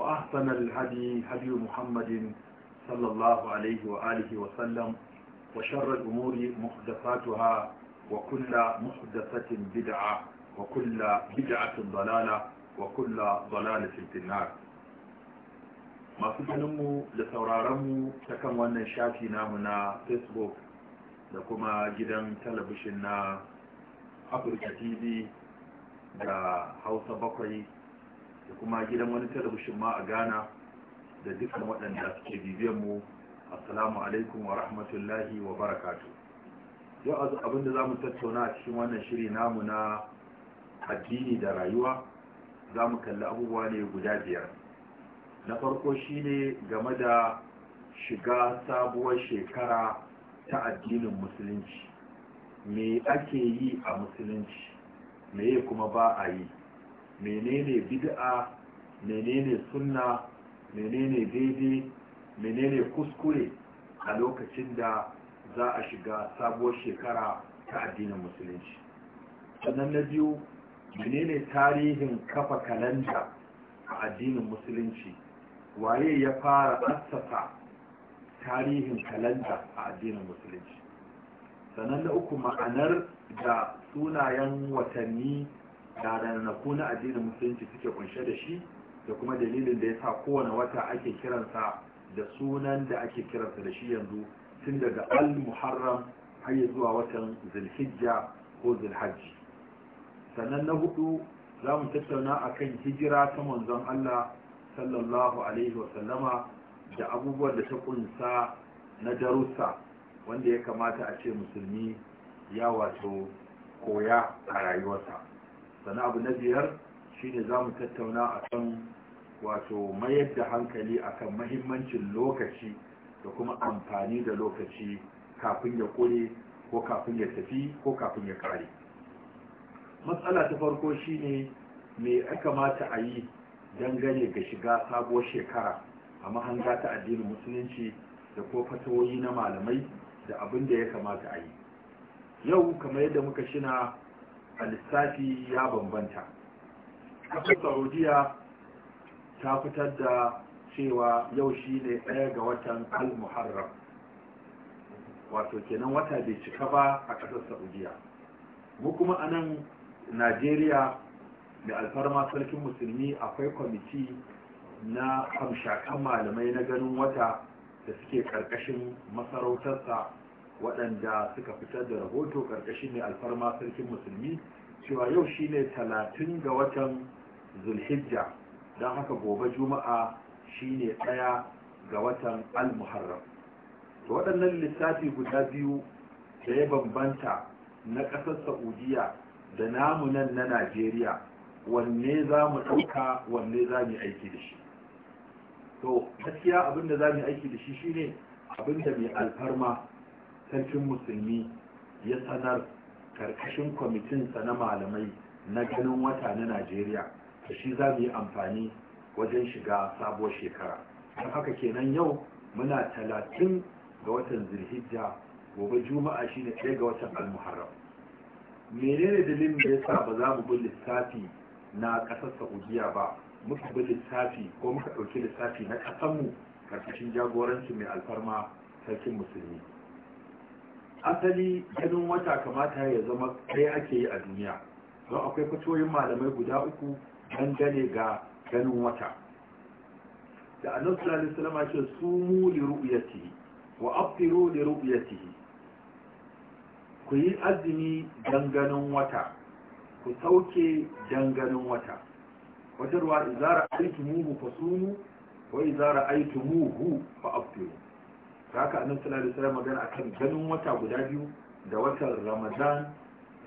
وأحسن الهدي هدي محمد صلى الله عليه وآله وسلم وشر الأمور محدثاتها وكل محدثة بدعة وكل بدعة ضلالة وكل ضلالة في النار masu ganinmu da sauraronmu ta kan wannan shafi namu na facebook da kuma gidan talabishin na afirka tv da hausa bakwai da kuma gidan wani talabishin ma a ghana da dukkan waɗanda suke bibiyan mu assalamu alaikum wa rahmatullahi wa barakatu yau abinda za mu tattauna a cikin wannan shiri namu na addini da rayuwa za mu kalli abubuwa ne guda biyar na farko shine game da shiga sabuwar shekara ta addinin musulunci me ake yi a musulunci me kuma ba a yi menene bid'a menene sunna menene daidai menene kuskure a lokacin da za a shiga sabuwar shekara ta addinin musulunci sannan na biyu menene tarihin kafa kalanda a addinin musulunci waye ya fara assasa tarihin kalanda a addinin musulunci sannan na uku ma'anar da sunayen watanni da ranaku na addinin musulunci suke kunshe da shi da kuma dalilin da ya sa kowane wata ake kiransa da sunan da ake kiransa da shi yanzu tun daga al-muharram har yi zuwa watan zulhijja ko zulhajji sannan na hudu za mu tattauna a kan hijira ta manzon Allah sallallahu alaihi wasallama da abubuwan da ta kunsa na darussa wanda ya kamata a ce musulmi ya wato koya a rayuwarsa sana abu na biyar shine za mu tattauna a kan wato mayar da hankali akan mahimmancin lokaci da kuma amfani da lokaci kafin ya kure ko kafin ya tafi ko kafin ya kare matsala ta farko shine me ya kamata a yi dangane ga shiga sabuwar shekara a mahanga ta addinin musulunci da ko fatawoyi na malamai da abin da ya kamata a yi yau kamar yadda muka shina a ya bambanta kasar saudiya ta fitar da cewa yau shi ne ɗaya ga watan al-muharram wato kenan wata bai cika ba a ƙasar saudiya mu kuma a nan najeriya da alfarma sarkin musulmi akwai kwamiti na hamshakan malamai na ganin wata da suke ƙarƙashin masarautarsa waɗanda suka fitar da rahoto ƙarƙashin ne alfarma sarkin musulmi cewa yau shine talatin ga watan zulhijja don haka gobe juma'a shine ɗaya ga watan almuharram to waɗannan lissafi guda biyu da ya bambanta na ƙasar saudiya da namunan na najeriya wanne za mu ɗauka wanne za mu aiki da shi to gaskiya abinda za mu aiki da shi shine abinda mai alfarma sarkin musulmi ya sanar karkashin kwamitinsa na malamai na ganin wata na najeriya da shi za mu yi amfani wajen shiga sabuwar shekara don haka kenan yau muna talatin ga watan zirhijja gobe juma'a shine ɗaya ga watan almuharram menene dalilin da ya sa ba za mu bi lissafi na ƙasar saudiya ba muka bi lissafi ko muka ɗauki lissafi na ƙasarmu karkashin jagorancin mai alfarma sarkin musulmi asali ganin wata kamata ya zama kai ake yi a duniya don akwai fatoyin malamai guda uku dangane ga ganin wata da annabi sallallahu alaihi wasallam ya ce sumu li ru'yatihi wa li ku yi azumi ganin wata ku sauke ganin wata wata ruwa izara aitumuhu fasumu wa idza ra'aytumuhu fa haka annabi sallallahu alaihi wasallam magana akan ganin wata guda biyu da watan ramadan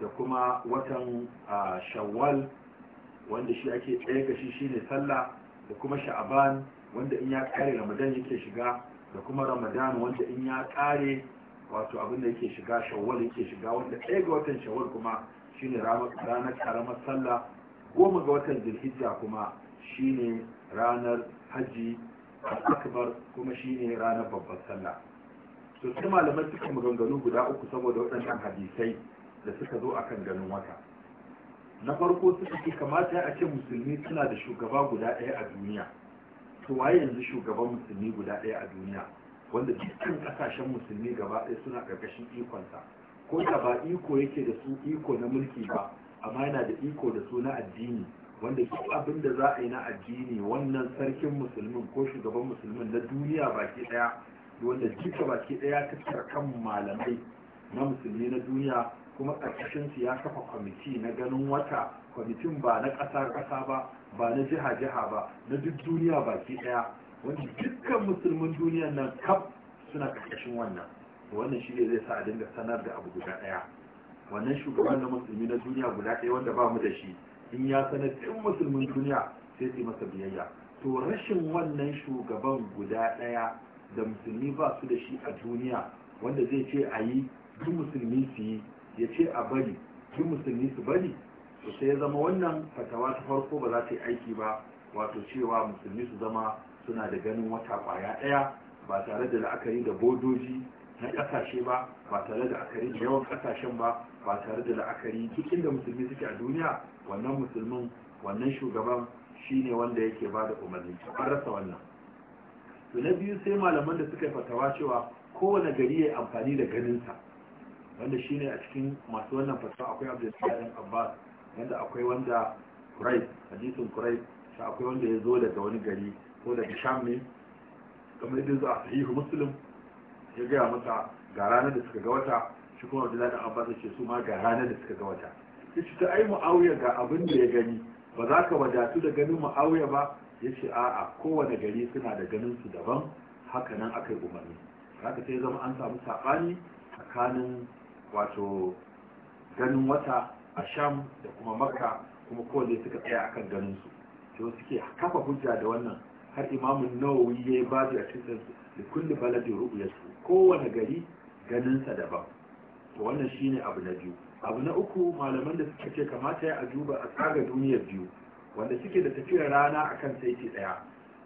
da kuma watan shawwal wanda shi ake tsaye ga shi shine sallah da kuma sha'aban wanda in ya kare ramadan yake shiga da kuma ramadan wanda in ya kare wato abin da yake shiga shawwal yake shiga wanda tsaye ga watan shawwal kuma shine ranar karamar sallah goma ga watan zulhijja kuma shine ranar hajji akbar kuma shine ranar babbar sallah to sai malaman suka maganganu guda uku saboda waɗannan hadisai da suka zo akan ganin wata na farko suka ce kamata a ce musulmi suna da shugaba guda ɗaya a duniya to waye yanzu shugaban musulmi guda ɗaya a duniya wanda dukkan ƙasashen musulmi gaba ɗaya suna ƙarƙashin ikonsa ko da ba iko yake da su iko na mulki ba amma yana da iko da su na addini wanda duk abin da za a yi na addini wannan sarkin musulmin ko shugaban musulmin na duniya baki daya wanda duka baki daya tattara kan malamai na musulmi na duniya kuma karkashin su ya kafa kwamiti na ganin wata kwamitin ba na ƙasa ƙasa ba ba na jiha jiha ba na duk duniya baki daya wanda dukkan musulmin duniya nan kaf suna ƙarƙashin wannan wannan shi ne zai sa a dinga sanar da abu guda daya wannan shugaban na musulmi na duniya guda daya wanda ba mu da shi in ya sanar duk musulmin duniya sai su masa biyayya to rashin wannan shugaban guda ɗaya da musulmi ba su da shi a duniya wanda zai ce a yi duk musulmi su yi ya ce a bari du musulmi su bari to sai ya zama wannan fatawa ta farko ba za ta yi aiki ba wato cewa musulmi su zama suna da ganin wata kwaya ɗaya ba tare da la'akari da bodoji na kasashe ba ba tare da akari da yawan kasashen ba ba tare da la'akari duk inda musulmi suke a duniya wannan musulmin wannan shugaban shine wanda yake ba da umarni an rasa wannan to na biyu sai malaman da suka yi fatawa cewa kowane gari ya yi amfani da ganinsa wanda shine a cikin masu wannan fatawa akwai abdulkadir abbas wanda akwai wanda kurais hadisin kurai akwai wanda ya zo daga wani gari ko daga sham ne kamar yadda zuwa sahihu muslim ya gaya masa ga ranar da suka ga wata shi kuma abdullahi dan abbas ce su ma ga ranar da suka ga wata ya ce ta ai mu'awiya ga abin da ya gani ba za ka wadatu da ganin mu'awiya ba ya ce a kowane gari suna da ganin su daban haka nan aka yi umarni haka sai zama an samu saɓani tsakanin wato ganin wata a sham da kuma makka kuma kowane suka tsaya akan ganin su to suke kafa hujja da wannan har imamun nawawi ya yi babu a cikin da kulli baladin su kowane gari ganinsa daban to wannan shine abu na biyu abu na uku malaman da suka ce kamata ya ajuba a tsaga duniyar biyu wanda suke da tafiyar rana akan saiti daya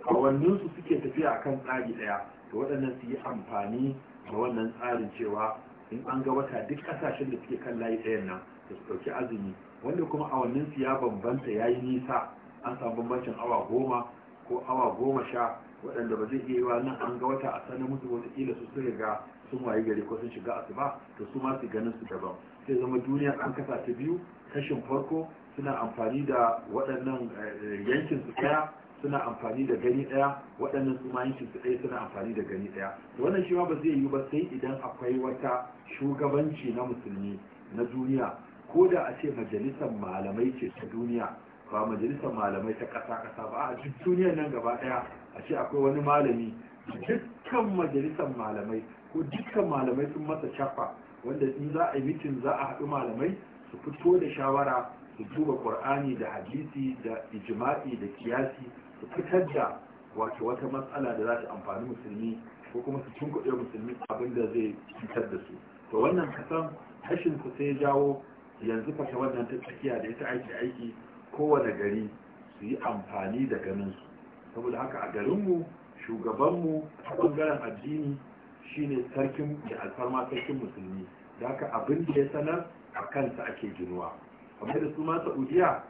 awanninsu suke tafiya akan tsari daya to waɗannan su yi amfani da wannan tsarin cewa in an ga wata duk ƙasashen da suke kan layi ɗayan nan da su ɗauki azumi wanda kuma awannin su ya bambanta ya yi nisa an samu bambancin awa goma ko awa goma sha waɗanda ba zai iya yiwa nan an ga wata a sanar musu wataƙila su sun riga sun waye gari ko sun shiga asuba to su ma su ganin su daban sai zama duniya an kasa ta biyu kashin farko suna amfani da waɗannan eh, yankin su ɗaya suna amfani da gani ɗaya waɗannan su ma yankin su ɗaya suna amfani da gani ɗaya wannan shi ma ba zai yiwu ba sai idan akwai wata shugabanci na musulmi na duniya ko da a ce majalisar malamai ce ta duniya ba majalisar malamai ta ƙasa ƙasa ba a duk duniyar nan gaba ɗaya a ce akwai wani malami dukkan majalisar malamai ko dukkan malamai sun masa cafa wanda in za a yi mitin za a haɗu malamai su fito da shawara su duba ƙur'ani da hadisi da ijma'i da kiyasi su fitar da wato wata matsala da za ta amfani musulmi ko kuma su tunkuɗe musulmi abin da zai fitar da su to wannan kasan hashin ku sai jawo yanzu fata wannan ta tsakiya da ita aiki aiki kowane gari su yi amfani da ganinsu saboda haka a garinmu shugabanmu a ɓangaren addini shine sarkin da alfarma sarkin musulmi da haka abin da ya sanar a kansa ake ginuwa kamar da su ma saudiya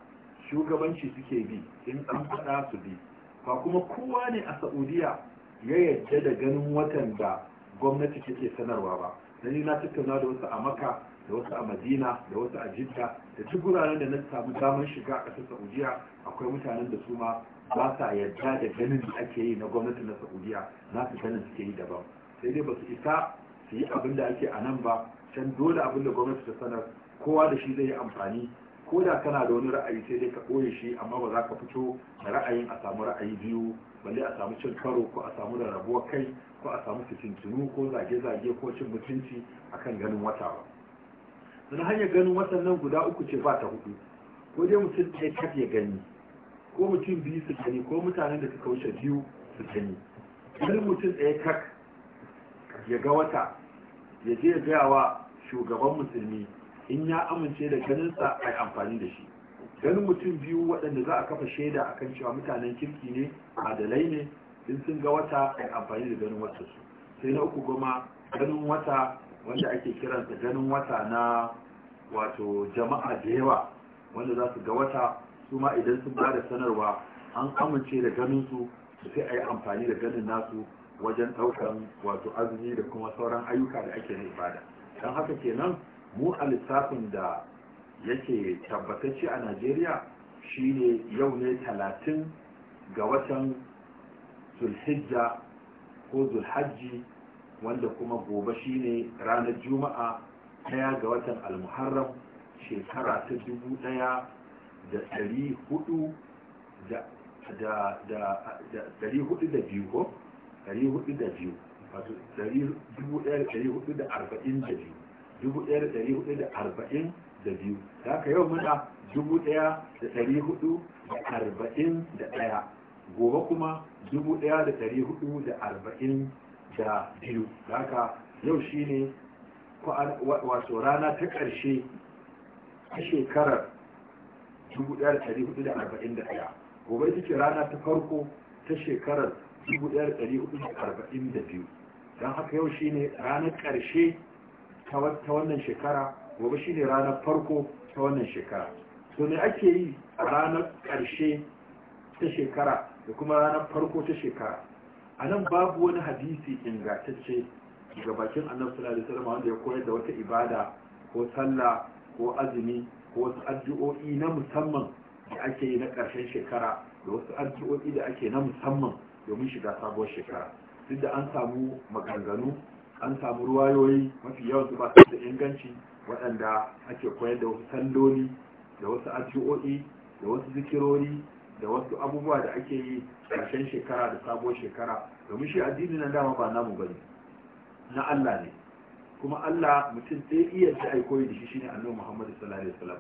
shugabanci suke bi in an faɗa su bi ba kuma kowa ne a saudiya ya yadda da ganin watan da gwamnati take sanarwa ba dani na tattauna da wasu a maka da wasu a madina da wasu a jidda da duk guraren da na samu damar shiga a ƙasar saudiya akwai mutanen da su ma ba sa yadda da ganin da ake yi na gwamnati na saudiya na su ganin suke yi daban sai dai ba su isa su yi abin da ake a nan ba can dole abin da gwamnati ta sanar kowa da shi zai yi amfani ko da kana da wani ra'ayi sai dai ka ɓoye shi amma ba za ka fito da ra'ayin a samu ra'ayi biyu balle a samu cin karo ko a samu rarrabuwar kai ko a samu fitintunu ko zage-zage ko cin mutunci akan ganin wata ba suna hanyar ganin waɗannan guda uku ce ba ta hudu ko dai mutum ɗaya kaf ya gani ko mutum biyu su gani ko mutanen da suka wuce biyu su gani wani mutum ɗaya kak ya ga wata ya je ya gaya wa shugaban musulmi in ya amince da ganin sa a amfani da shi ganin mutum biyu waɗanda za a kafa shaida a kan cewa mutanen kirki ne adalai ne in sun ga wata a amfani da ganin wata su sai na uku goma ganin wata wanda ake kiransa ganin wata na wato jama'a da yawa wanda za su ga wata su ma idan sun ba da sanarwa an amince da ganin su sai a yi amfani da ganin nasu wajen ɗaukan wato azumi da kuma sauran ayyuka da ake na ibada don haka kenan mu a lissafin da yake tabbatacce a najeriya shine yau ne talatin ga watan zulhijja ko zulhajji wanda kuma gobe shine ranar juma'a daya ga watan almuharram shekara ta dubu daya da dari hudu da da hudu da biyu ko hudu da biyu wato dubu hudu da arba'in da biyu dubu da hudu da arba'in da biyu da yau muna dubu daya da hudu da arba'in da gobe kuma dubu da hudu da arba'in da biyu haka yau shi ne wato rana ta ƙarshe a shekarar 1441 gobe ita ce rana ta farko ta shekarar 1442 don haka yau shi ne ranar ƙarshe ta wannan shekara gobe shi ne ranar farko ta wannan shekara to ne ake yi a ranar ƙarshe ta shekara da kuma ranar farko ta shekara a nan babu wani hadisi ingantacce ga bakin annabi sallallahu alaihi wasallam wanda ya koyar da wata ibada ko sallah ko azumi ko wasu addu'o'i na musamman da ake yi na ƙarshen shekara da wasu addu'o'i da ake na musamman domin shiga sabuwar shekara duk da an samu maganganu an samu ruwayoyi mafi yawan su ba su da inganci waɗanda ake koyar da wasu salloli da wasu addu'o'i da wasu zikirori da wasu abubuwa da ake yi ƙarshen shekara da sabuwar shekara domin shi addini na dama ba namu ba ne. na Allah ne kuma Allah mutum ɗaya iya ta aiko da shi shine annabi Muhammad sallallahu alaihi wasallam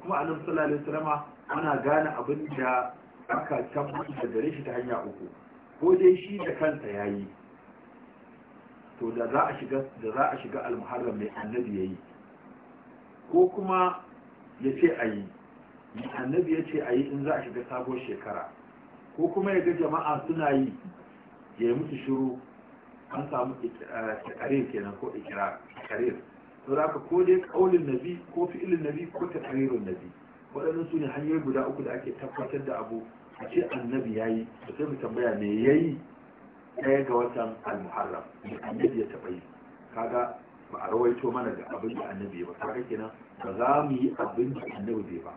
kuma annabi sallallahu alaihi wasallam ana gane abin da aka tabbata gare shi ta hanya uku ko dai shi da kansa yayi to da za a shiga da za a shiga al-muharram mai annabi yayi ko kuma ya ce ayi annabi ya ce a yi in za a shiga sabon shekara ko kuma ya ga jama'a suna yi ya yi musu shiru an samu eh, takarir kenan ko ikira takarir to da ko dai kaulin nabi ko fi'ilin nabi ko takaririn nabi waɗannan su ne hanyoyi guda uku da ake tabbatar da abu a ce annabi ya yi da sai mu tambaya me ya yi ɗaya ga watan al-muharram da annabi ya taɓa yi kaga ba a rawaito mana ga abin da annabi ba kaga kenan ba za mu yi abin da annabi ba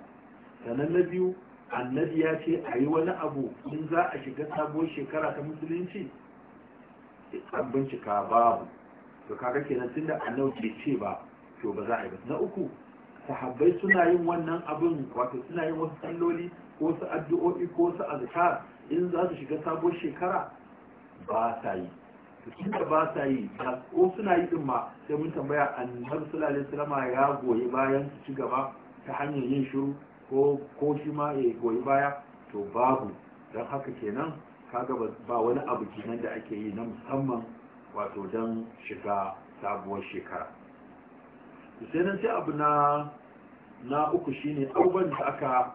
sannan na biyu annabi ya ce a yi wani abu in za a shiga sabuwar shekara ta musulunci an bincika babu to kaga kenan tunda annabi bai ce ba to ba za a yi ba na uku sahabbai suna yin wannan abin wato suna yin wasu salloli ko su addu'o'i ko su azka in za su shiga sabuwar shekara ba sa yi tunda ba sa yi ko suna yi din ma sai mun tambaya annabi sallallahu alaihi wasallam ya goyi bayan su ci gaba ta hanyar yin shiru ko shi ma ya goyi baya to babu don haka kenan kaga ba wani abu kenan da ake yi na musamman wato don shiga sabuwar shekara sai nan sai abu na na uku shine abubuwan da aka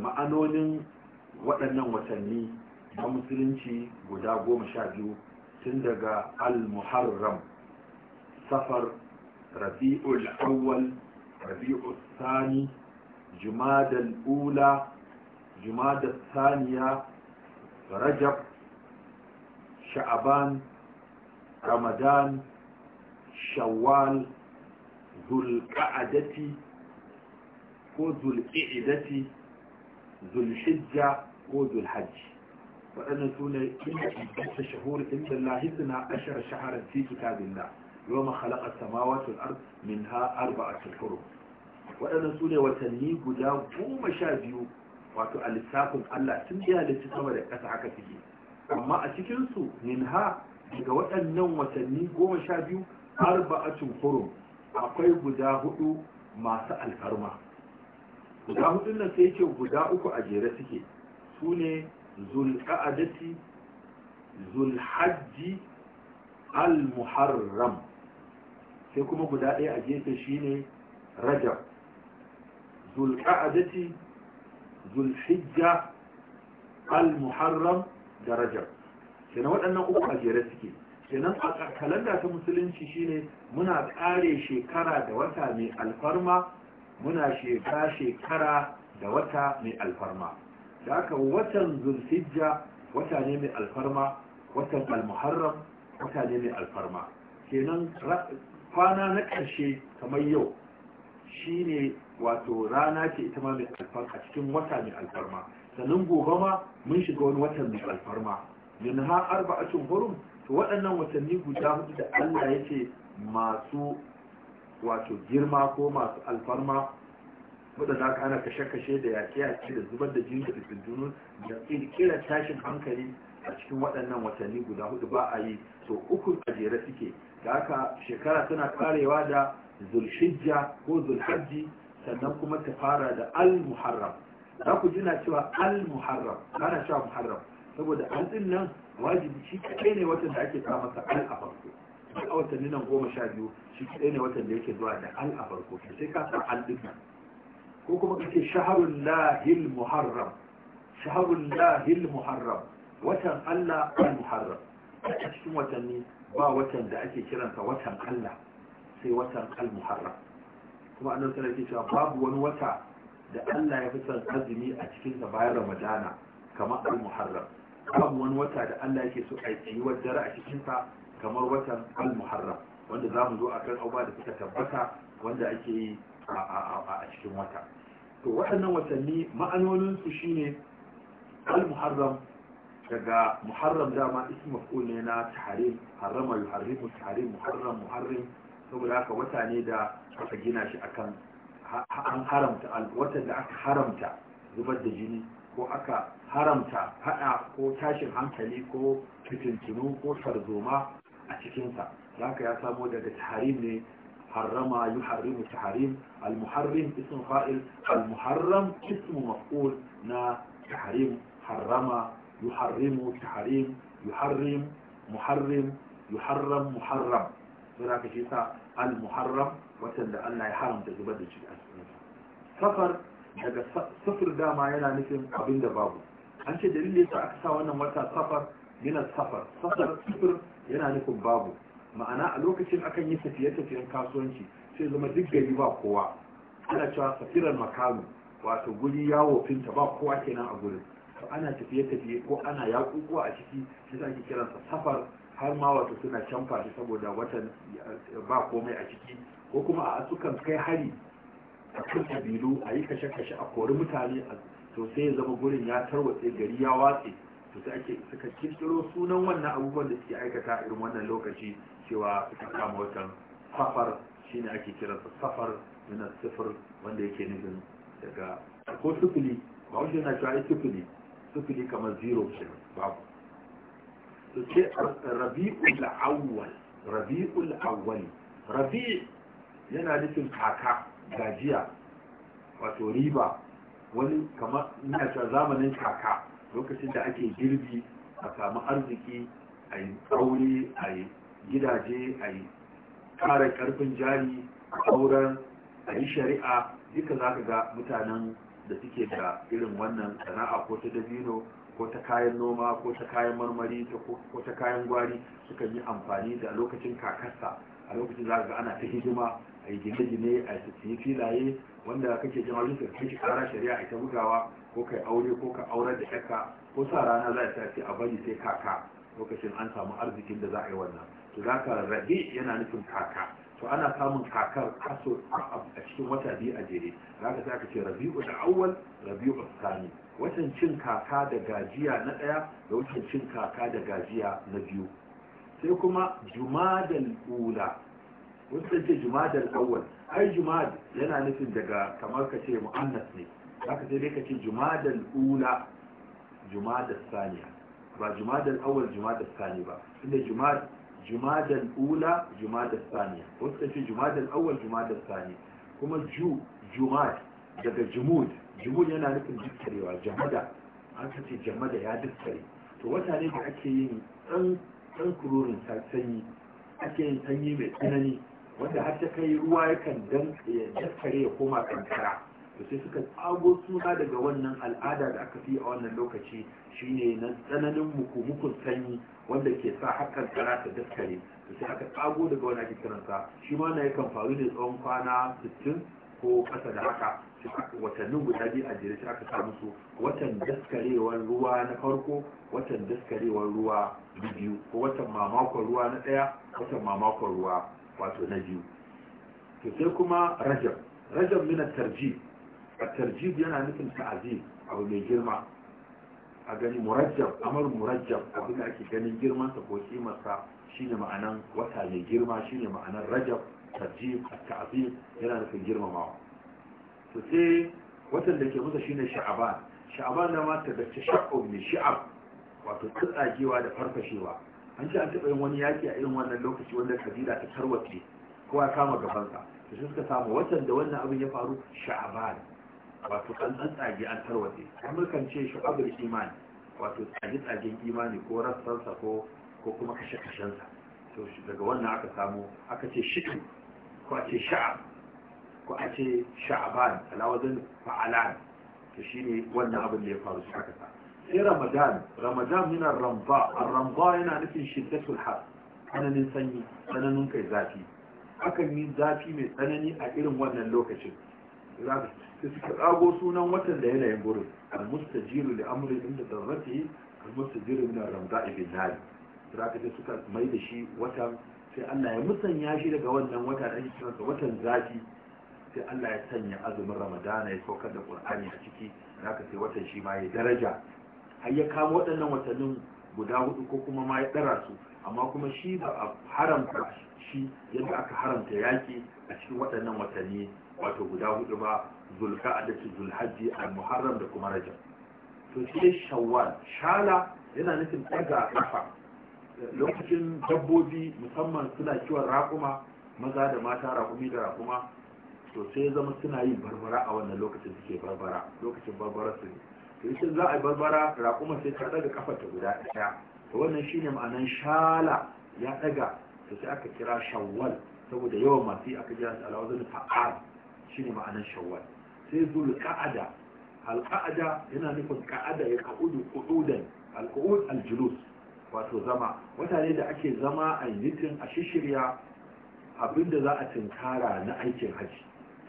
ma'anonin waɗannan watanni na musulunci guda goma sha biyu tun daga al-muharram safar rabi'ul awwal rabi'ul sani جماد الأولى جماد الثانية رجب شعبان رمضان شوال ذو القعدة وذو القعدة ذو الحجة وذو الحج وأنا سنة إن شهور إن الله إذن أشهر شهر في كتاب الله يوم خلق السماوات والأرض منها أربعة حروف waɗannan su ne watanni guda goma sha biyu wato a lissafin Allah tun iya lissi sama da ƙasa haka suke amma a cikinsu minha daga waɗannan watanni goma sha biyu a hurum akwai guda hudu masu alfarma guda hudu nan sai ce guda uku a jere suke su ne zulqa'adati zulhajji al-muharram sai kuma guda ɗaya a gefe shine rajab zulqa'adati zulhijja al-muharram da rajab kenan waɗannan uku a jere suke kenan a kalanda ta musulunci shine muna ƙare shekara da wata mai alfarma muna shekara shekara da wata mai alfarma da haka watan zulhijja wata ne mai alfarma watan almuharram wata mai alfarma kenan kwana na ƙarshe kamar yau shine wato rana ce ita ma mai alfarma a cikin wata mai alfarma sannan gobe ma mun shiga wani watan mai alfarma min ha arba'atun hurum to waɗannan watanni guda hudu da Allah ya ce masu wato girma ko masu alfarma za ka hana kashe-kashe da yaƙe a da zubar da jini da fitintunu da kira tashin hankali a cikin waɗannan watanni guda hudu ba a yi to uku a jere suke da haka shekara tana karewa da zulhijja ko zulhajji sannan kuma ta fara da al-muharram za ku jina cewa al-muharram kana sha cewa muharram saboda an din nan wajibi shi kaɗai ne watan da ake kama masa al a farko a watanni nan goma sha biyu shi kaɗai ne watan da yake zuwa da al a farko sai ka sa al din nan ko kuma ka ce shaharun lahil muharram shaharun lahil muharram watan allah al-muharram a cikin watanni ba watan da ake kiransa watan allah sai watan al-muharram kuma annan sallallahu ke wasallam babu wani wata da Allah ya fi son azumi a cikinta bayan Ramadana kamar al-Muharram babu wani wata da Allah yake so a yi dare a cikinta kamar watan al-Muharram wanda zamu zo kan auba da suka tabbata wanda ake yi a cikin wata to waɗannan watanni ma'anoninsu shine al-Muharram daga muharram dama ism maf'ul ne na tahrim harrama yuharrimu tahrim muharram muharrim saboda haka wata ne da aka gina shi akan an haramta watan da aka haramta zubar da jini ko aka haramta hada ko tashin hankali ko fitintunu ko tarzoma a cikinsa za ka ya samo daga taharim ne harrama yi harimu taharim almuharrim ism fa'il almuharram ism maf'ul na taharim harrama yi harimu taharim yi harim muharrim yi harram muharram sai za ka shi sa almuharram watan Allah ya haramta zuba da shi a safar daga safar dama yana nufin abin da babu an ce dalilin da aka sa wannan wata safar yana safar safar safar yana nufin babu ma'ana a lokacin akan yi tafiye-tafiyen kasuwanci sai zama duk gari ba kowa ana cewa safirar makamu wato guri yawo finta ba kowa kenan a gurin to ana tafiye-tafiye ko ana yakukuwa a ciki sai ake kiransa safar har ma wato suna canfa saboda watan ba komai a ciki ko kuma a sukan kai hari a kan kabilu a yi kashe-kashe a kori mutane to sai ya zama gurin ya tarwatse gari ya watse to sai ake suka kirkiro sunan wannan abubuwan da suke aikata irin wannan lokaci cewa suka kama watan safar shine ake kiransa safar yana sifir wanda yake nufin daga ko sufili ba wajen na cewa sufili sufili kamar zero ce babu to ce rabi'ul awwal rabi'ul awwal rabi' yana nufin kaka gajiya wato riba wani kamar ina zamanin kaka lokacin da ake girbi a samu arziki a yi tsauri a yi gidaje a yi ƙara ƙarfin jari a auren a yi shari'a duka za ka ga mutanen da suke da irin wannan sana'a ko ta dabino ko ta kayan noma ko ta kayan marmari ko ta kayan gwari sukan yi amfani da lokacin kakarsa. a lokacin za ga ana ta hidima a yi gine-gine a yi filaye wanda kake jin wani ka kai kara shari'a ita bugawa ko kai aure ko ka aurar da yakka ko sa rana za ta ce a bari sai kaka lokacin an samu arzikin da za a yi wannan to za ka rabi yana nufin kaka to ana samun kakar kaso a cikin wata biyu a jere za ka sa ce rabi'u da awwal rabi'u sani watan cin kaka da gajiya na ɗaya da watan cin kaka da gajiya na biyu sai kuma jumadal ula wasu ce jumadal awwal ai jumad yana nufin daga kamar ka ce mu'annas ne haka sai dai ka ce jumadal ula jumadal saniya ba jumadal awwal jumadal sani ba inda jumad jumadal ula jumadal saniya wasu ka ce jumadal awwal jumadal sani kuma ju jumad daga jumud jumud yana nufin dukkarewa jamada an ka ce jamada ya dukkare to wata ne da ake yin ɗan ɗan kurorin sanyi ake yin sanyi mai tsanani wanda har ta kai ruwa yakan danka ya daskare ya koma kankara to sai suka tsago suna daga wannan al'ada da aka fi a wannan lokaci shine na tsananin mukumukun sanyi wanda ke sa har kankara ta daskare to sai aka tsago daga wani ake kiransa shi ma na yakan faru ne tsawon kwana 60 ko kasa da haka watannin guda biyu a jere aka sa musu watan daskarewar ruwa na farko watan daskarewar ruwa na biyu ko watan mamakon ruwa na ɗaya watan mamakon ruwa wato na biyu to sai kuma rajab rajab mina tarjib a tarjib yana nufin ta'azi abu mai girma a gani murajjab amar murajjab abu da ake ganin girmansa ko kimarsa shine ma'anan wata mai girma shine ma'anan rajab tarjib ta'azim yana nufin girmamawa to sai watan da ke musa shine sha'aban sha'aban na mata da sha'o ne shi'ab wato tsagewa da farfashewa an ce an taba yin wani yaki a irin wannan lokaci wanda kabila ta tarwace kowa kama gabansa sai suka samu watan da wannan abin ya faru sha'aban wato an tsage an tarwace amurkan ce shu'abul iman wato tsage-tsagen imani ko rassansa ko kuma kashe-kashensa to daga wannan aka samu aka ce shi'ab ko a ce sha'ab ko a ce sha'aban alawazin fa'alan shi ne wannan abin da ya faru shi haka sai ramadan ramadan yana ramba ramba yana nufin shiddatul har tsananin sanyi tsananin kai zafi akan yi zafi mai tsanani a irin wannan lokacin za suka tsago sunan watan da yanayin gurin al-mustajiru da amurin inda zarrati al na min ramda'i bin nari za ka suka mai da shi watan sai Allah ya musanya shi daga wannan wata da ake watan zafi sai Allah ya sanya azumin ramadana ya saukar da qur'ani a ciki zaka sai watan shi ma ya daraja har ya kawo waɗannan watannin guda hudu ko kuma ma ya ɗara su amma kuma shi ba a haramta shi yadda aka haramta yaki a cikin waɗannan watanni wato guda hudu ba zulka a dace zulhajji al muharram da kuma rajab to shi shawwal shala yana nufin ɗaga kafa lokacin dabbobi musamman suna kiwon raƙuma maza da mata raƙumi da raƙuma to sai zama suna yin barbara a wannan lokacin suke barbara lokacin barbara su ne to ita za a yi barbara raƙuma sai ta daga kafar ta guda ɗaya to wannan shine ma'anan shala ya ɗaga to sai aka kira shawwal saboda yawan masu aka jira su alawazin fa'al shine ma'anan shawwal sai zul ka'ada al yana nufin ka'ada ya ka'udu qu'udan al qu'ud al julus wato zama mutane da ake zama a yi a shishirya abinda za a tinkara na aikin hajji.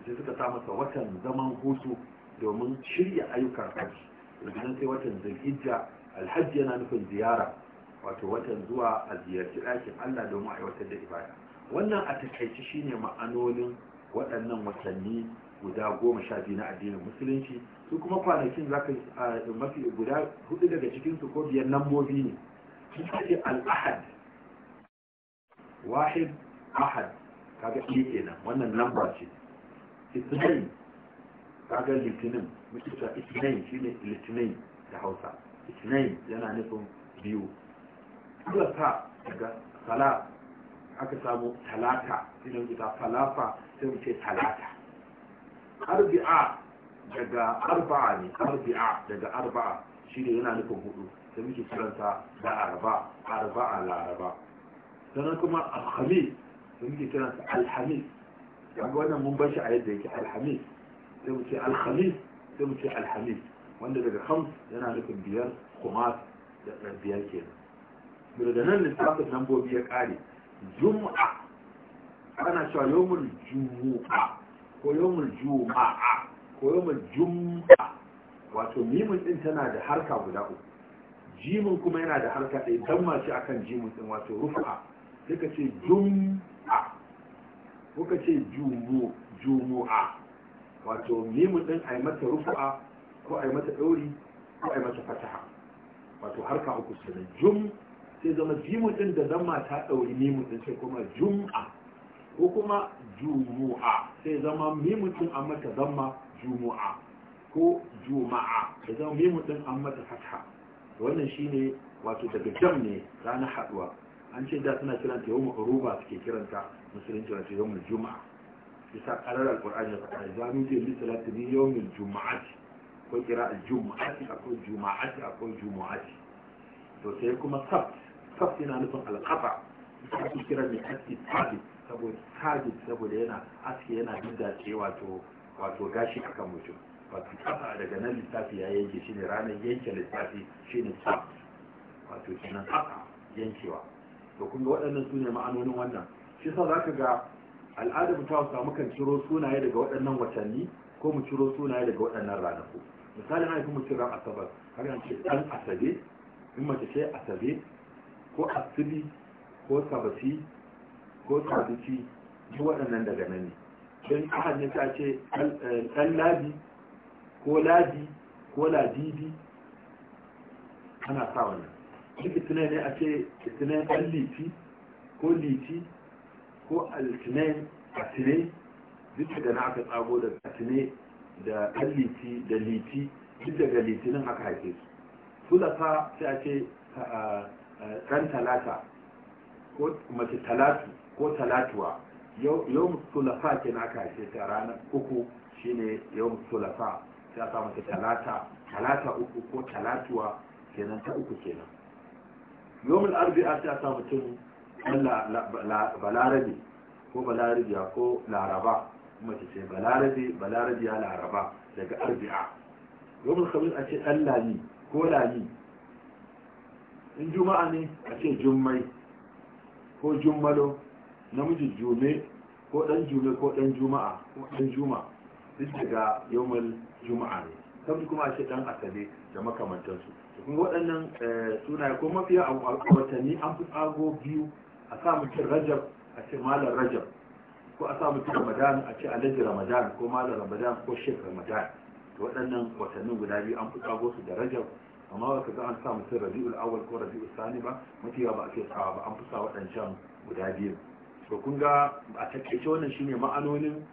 sai suka sa masa watan zaman hutu domin shirya ayyukan hajji daga nan sai watan zulhijja Alhaji yana nufin ziyara wato watan zuwa a ziyarci ɗakin allah domin aiwatar da ibada wannan a takaici shine ma'anonin waɗannan watanni guda goma sha biyu na addinin musulunci su kuma kwanakin za ka mafi guda hudu daga cikinsu ko biyar lambobi ne suka ce al'ahad wahid ahad kaga ɗaya kenan wannan lamba ce isnai kaga litinin muke cewa isnai shine litinin da hausa isnai yana nufin biyu zuwa ta daga sala aka samu talata shine muke falafa sai mu talata arbi'a daga arba'a ne arbi'a daga arba'a shine yana nufin huɗu da muke kiranta da araba arba'a laraba sannan kuma alhamis da muke kiranta alhamis kaga wannan mun bar shi a yadda yake alhamis sai mu ce alhamis sai mu ce alhamis wanda daga ham yana nufin biyar kuma da biyar ke kenan daga nan lissafin lambobi ya kare juma'a ana cewa yawmul juma'a ko yawmul juma'a ko yawmul juma'a wato mimin din tana da harka guda uku jimin kuma yana da harka ɗaya dan ma shi akan jimin din wato rufa ka ce juma'a kuka ce jumu'a wato mimu din a yi mata rufu'a ko a yi mata ɗauri ko a yi mata fataha wato harka uku su jum sai zama mimu din da zama ta ɗauri mimu din sai kuma jum'a ko kuma jumu'a sai zama mimu din an mata zama jumu'a ko juma'a sai zama mimu din an mata fataha wannan shine wato daga jam ne ranar haɗuwa an ce da suna kiranta yawon ruba suke kiranta musulunci wace yawon juma'a sa karar alkur'ani ya faɗa za mu je lissalati ni yawon juma'ati ko kira juma'ati akwai juma'ati akwai juma'ati to sai kuma sabt sabt yana nufin alkafa bisa ake kira mai aski tabit saboda tabit saboda yana aski yana dindace wato wato gashi kan mutum wato kafa daga nan lissafi ya yanke shi ne ranar yanke lissafi ne sabt wato nan kafa yankewa to kun ga waɗannan su ne ma'anonin wannan shi sa za ka ga al'adar ta wasa mukan ciro sunaye daga waɗannan watanni ko mu ciro sunaye daga waɗannan ranaku misali misalin haifi mu ciro asabar har ce ɗan asabe in mace ce asabe ko asibi ko sabasi ko sabici duk waɗannan daga nan ne don ahad ne ta ce ɗan eh, labi ko labi ko ladidi ana sa wannan shi itinai ne a ce itinai ɗan liti ko liti ko altinai atinai duk da na aka tsago da atinai da ɗan liti da liti duk daga litinin aka haife su sulasa sai a ce ɗan talata ko mace talatu ko talatuwa yau sulasa ke na aka haife ta ranar uku shine yau sulasa sai a sa mace talata talata uku ko talatuwa kenan ta uku kenan yawon arbi'a ta sa mutum balarabe ko balarabiya ko laraba mace ce balarabe balarabiya laraba daga arbi'a yawon khamis a ce ɗan lami ko lami in juma'a ne a ce jummai ko jummalo namiji jume ko ɗan jume ko ɗan juma'a ko ɗan juma duk daga yawon juma'a ne sabu kuma a ce ɗan asali da makamantansu kuma waɗannan eh, suna ko mafiya a watanni an fi tsago biyu a sa mutum rajab a ce malar rajab ko a sa mutum ramadan a ce alhaji ramadan ko malar ramadan ko shek ramadan da waɗannan watannin guda biyu an fi tsago su da rajab amma ba ka ga an sa mutum rabi'ul awal ko rabi'ul sani ba mafiya ba a ce tsawa ba an fi sa waɗancan guda biyu to kun ga a taƙaice wannan shine ma'anonin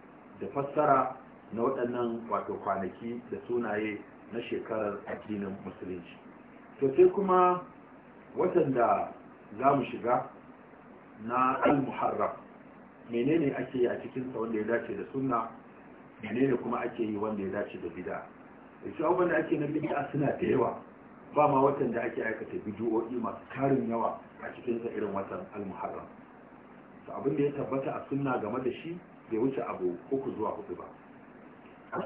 da fassara na waɗannan wato kwanaki da sunaye na shekarar addinin musulunci to sai kuma watan da za mu shiga na al-muharram menene ake yi a cikinsa wanda ya dace da sunna menene kuma ake yi wanda ya dace da bid'a da abubuwan da ake na bid'a suna da yawa ba ma watan da ake aikata bid'o'i masu karin yawa a cikinsa irin watan al-muharram to abin da ya tabbata a sunna game da shi bai wuce abu uku zuwa hudu ba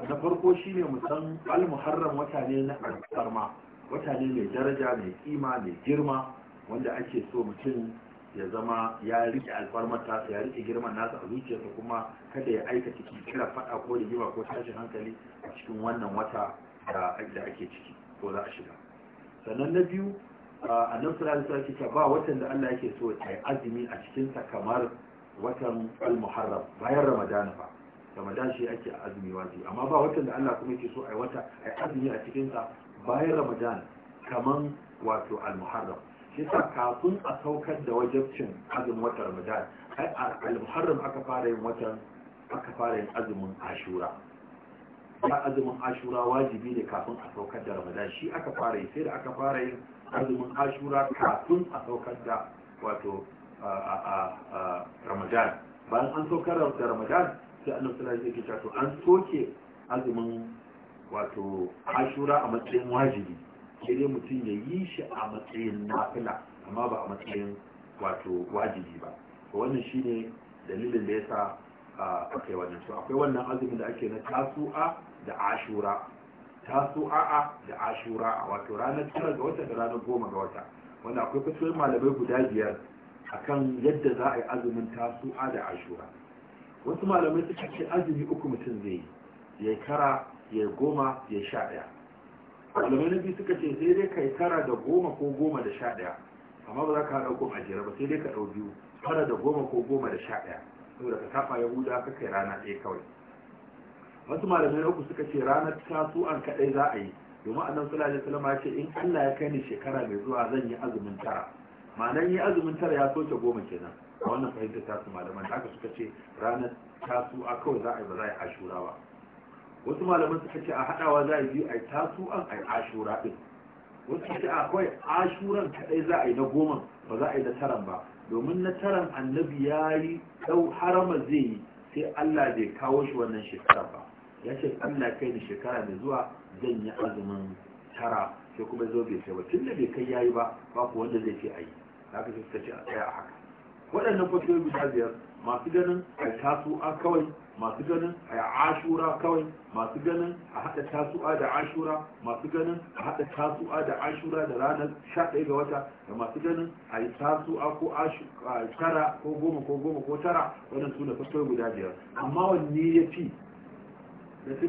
na farko shine mu san al-muharram wata ne na karma wata mai daraja mai kima mai girma wanda ake so mutum ya zama ya rike alfarmar tasa ya rike girman nasa a zuciyarsa kuma kada ya aikata kira fada ko da gima ko tashin hankali a cikin wannan wata da ake ciki ko za a shiga sannan na biyu a nan sura ta ba watan da Allah yake so ya azumi a cikin sa kamar watan al-muharram bayan ramadana ba ramadan shi ake azumi wajibi amma ba watan da Allah kuma yake so ai wata ai azumi a cikin sa bayan ramadan kaman wato al-muharram shi sa kafin a saukar da wajabcin azumin watan ramadan ai al-muharram aka fara yin watan aka fara yin azumin ashura ya azumin ashura wajibi ne kafin a saukar da ramadan shi aka fara yi sai da aka fara yin azumin ashura kafin a saukar da wato ramadan bayan an saukar da ramadan sai annabi sallallahu alaihi wasallam ya ce to an soke azumin wato ashura a matsayin wajibi sai dai mutum ya yi shi a matsayin nafila amma ba a matsayin wato wajibi ba to wannan shine dalilin da yasa akai wannan to akwai wannan azumin da ake na tasu'a da ashura tasu'a da ashura a wato ranar tara ga wata da ranar goma ga wata wanda akwai fasuwar malamai guda biyar akan yadda za a yi azumin tasu'a da ashura wasu malamai suka ce azumi uku mutum zai yi ya kara ya goma ya sha ɗaya malamai na biyu suka ce sai dai kai tara da goma ko goma da sha daya amma ba za ka haɗa goma ajiyar ba sai dai ka ɗau biyu tara da goma ko goma da sha ɗaya saboda ka kafa yahuda ka kai rana ɗaya kawai wasu malamai na uku suka ce ranar tasu'an kaɗai za a yi domin annabi sallallahu alaihi ce in Allah ya kai ni shekara mai zuwa zan yi azumin tara ma'anar yi azumin tara ya soke goma kenan a wannan fahimtar tasu malaman da aka suka ce ranar tasu'a kawai za a yi ba za a yi ashura ba wasu malaman suka ce a haɗawa za a yi a tasu an a ashura ɗin wasu suka ce akwai ashuran kaɗai za a yi na goma ba za a yi na taran ba domin na taran annabi ya yi ɗau harama zai yi sai allah bai kawo shi wannan shekara ba ya ce allah kai ni shekara mai zuwa zan yi azumin tara sai kuma zo bai kai ba tun da bai kai yayi ba babu wanda zai ce a yi haka suka ce a tsaya a haka waɗannan fasiyoyi guda biyar masu ganin a tasu an kawai masu ganin a ashura kawai masu ganin a haɗa tasu'a da ashura masu ganin a haɗa tasu'a da ashura da ranar sha ɗaya ga wata da masu ganin a yi tasu'a ko tara ko goma ko goma ko tara wannan su da guda biyar amma wanne ya fi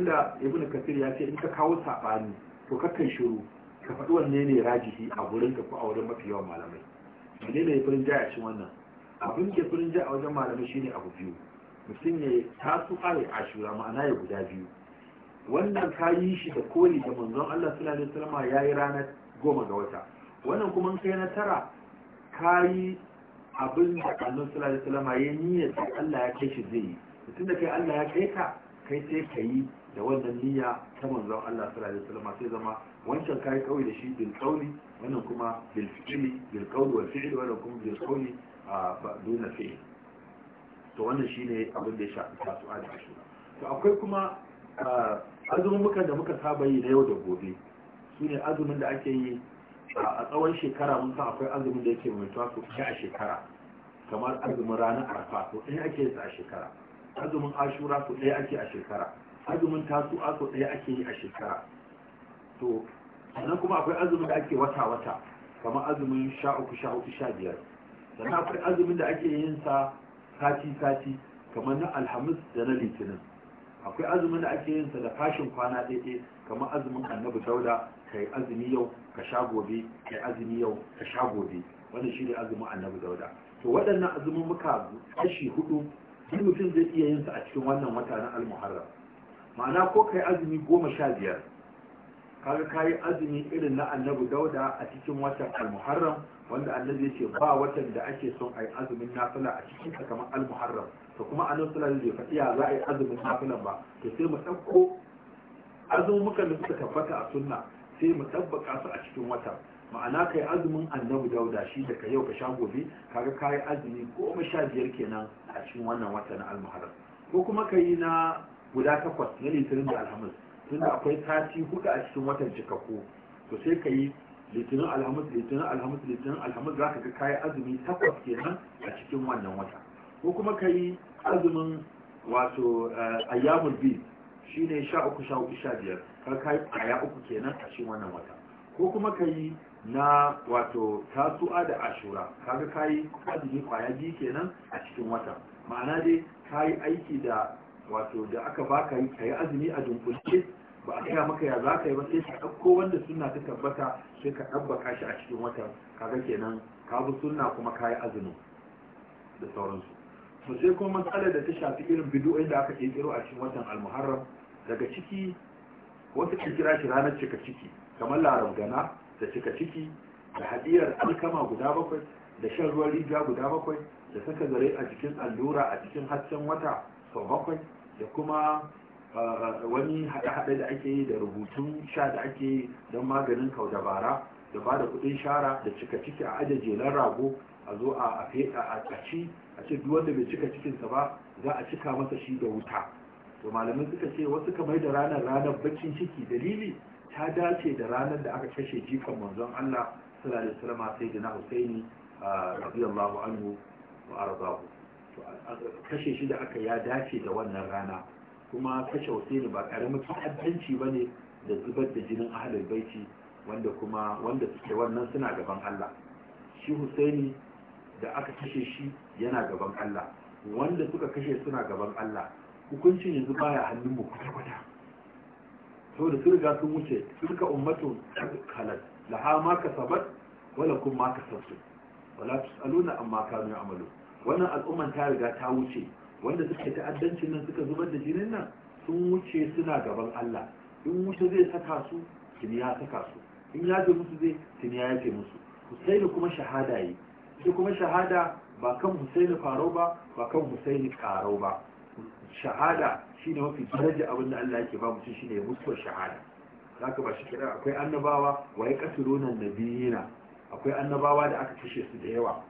da ya ibn kasir ya ce in ka kawo saɓani to kakan shiru ka faɗi wanne ne rajihi a gurin ka ko a wurin mafi yawan malamai wanne ne ya fi rinjaya cin wannan abin da fi a wajen malamai shine abu biyu mutum ne ta su a shura ma'ana ya guda biyu wannan ka yi shi da koli da manzon Allah sallallahu alaihi wasallam ya yi ranar goma ga wata wannan kuma kai na tara ka yi abin da annabi sallallahu alaihi wasallam ya niyya da Allah ya kai shi zai yi mutum da kai Allah ya kai ka kai sai ka yi da wannan niyya ta manzon Allah sallallahu alaihi wasallam sai zama wancan ka yi kawai da shi bil qawli wannan kuma bil fi'li bil qawli wal fi'li wannan kuma bil qawli duna fi'li to wannan shi ne abin da ya shafi kasuwa da ashura to akwai kuma muka da muka saba yi na yau da gobe su ne azumin da ake yi a tsawon shekara mun san akwai azumin da yake mai su kai a shekara kamar azumin ranar arfa to ɗaya ake yi a shekara azumin ashura to ɗaya ake a shekara azumin tasu'a to ɗaya ake yi a shekara to sannan kuma akwai azumin da ake wata-wata kamar azumin sha uku sha uku sha biyar sannan akwai azumin da ake yin sa sati-sati kamar na alhamis da na litinin akwai azumin da ake yin sa da fashin kwana daidai kamar azumin annabi dauda kai azumi yau ka sha gobe kai azumi yau ka sha gobe wannan shi ne azumin annabi dauda to waɗannan azumin muka kashi hudu duk mutum zai iya yin sa a cikin wannan wata na almuharram ma'ana ko kai azumi goma sha biyar kaga yi azumi irin na annabi dauda a cikin watan al wanda annabi ya ce ba watan da ake son ayi azumin nafila a cikin sa kamar al-muharram to kuma annabi sallallahu alaihi wasallam ya za a yi azumin nafila ba to sai mu dauko azumukan da suka tabbata a sunna sai mu ɗabbaka su a cikin watan ma'ana kai azumin annabi dauda shi daga yau ka sha gobe kaga yi azumi goma sha biyar kenan a cikin wannan watan na al ko kuma kayi na guda takwas na litinin da alhamis tunda akwai sati hudu a cikin watan cikakku to sai ka yi litinin alhamis litinin alhamis litinin alhamis za ka ga kayi azumi takwas kenan a cikin wannan wata ko kuma ka yi azumin wato eh, ayyamul bi ne sha uku sha uku sha biyar ka kayi kaya uku kenan a cikin wannan wata ko kuma ka yi na wato tasu'a da ashura ga kayi azumi kwaya biyu kenan a cikin wata ma'ana dai kayi aiki da wato da aka baka yi kayi azumi a dunkulce ba a gaya maka ya za ka yi ba sai ka ɗauko wanda suna ta tabbata sai ka ɗabbaka shi a cikin watan kaga kenan ka bi sunna kuma ka yi azumin da sauransu to sai kuma matsalar da ta shafi irin bidiyoyin da aka ƙirƙiro a cikin watan almuharram daga ciki wasu ƙirƙira shi ranar cika ciki kamar larar da cika ciki da hadiyar alkama guda bakwai da shan ruwan rijiya guda bakwai da saka zare a jikin allura a cikin hasken wata sau bakwai da kuma wani haɗe-haɗe da ake yi da rubutun sha da ake yi don maganin kau bara, da ba da kuɗin shara da cika ciki a aje jelan rago a zo a ci a ce duk wanda bai cika cikinsa ba za a cika masa shi da wuta to malamai suka ce wasu kamar da ranar ranar bakin ciki dalili ta dace da ranar da aka kashe jikan manzon Allah sallallahu alaihi wasallam sai da na Husaini radiyallahu anhu wa arzahu to kashe shi da aka ya dace da wannan rana kuma kashe ne ba karamin ta'addanci ba ne da zubar da jinin ahalar baiti wanda kuma wanda suke wannan suna gaban allah shi husaini da aka kashe shi yana gaban allah wanda suka kashe suna gaban allah hukuncin yanzu baya hannun mu kwata-kwata saboda sun riga sun wuce suka ummatu kalat laha ma kasabat wala kun ma kasabtu wala tusaluna amma kanu amalu wannan al'umman ta riga ta wuce wanda suke ta'addancin nan suka zubar da jinin nan sun wuce suna gaban Allah in wuce zai saka su tuni ya saka su in ya ce musu zai tuni ya ce musu Husaini kuma shahada yi ita kuma shahada ba kan Husaini farau ba ba kan Husaini karau ba shahada shine mafi daraja abin da Allah yake ba mutum shine ya mutuwar shahada zaka ba shi kira akwai annabawa wa ya kasuru nan nabiyina akwai annabawa da aka kashe su da yawa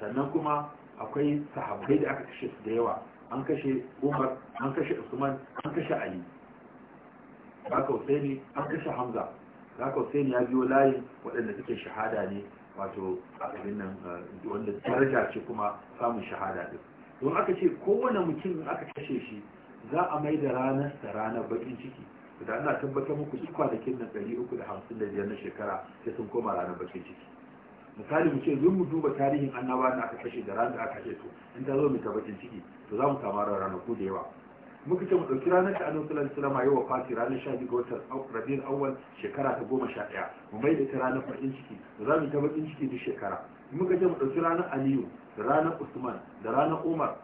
sannan kuma akwai sahabbai da aka kashe su da yawa an kashe umar an kashe usman an kashe ali ka husaini an kashe hamza ka husaini ya biyo layi waɗanda suke shahada ne wato abin nan wanda daraja ce kuma samun shahada din don aka ce kowane mutum aka kashe shi za a mai da ranar da ranar bakin ciki da ana tabbatar muku duk kwanakin nan 355 na shekara sai sun koma ranar bakin ciki misali mu ce zo mu duba tarihin annaba da aka kashe da ran da aka kashe su in ta zo mu bakin ciki to za mu samu ranaku da yawa muka ce mu ɗauki ranar da annabi sallallahu alaihi wasallam ya wafati ranar 12 ga watan rabiul awwal shekara ta goma sha 11 mu bai da ta ranar bakin ciki to za mu bakin ciki duk shekara muka ce mu ɗauki ranar aliyu da ranar usman da ranar umar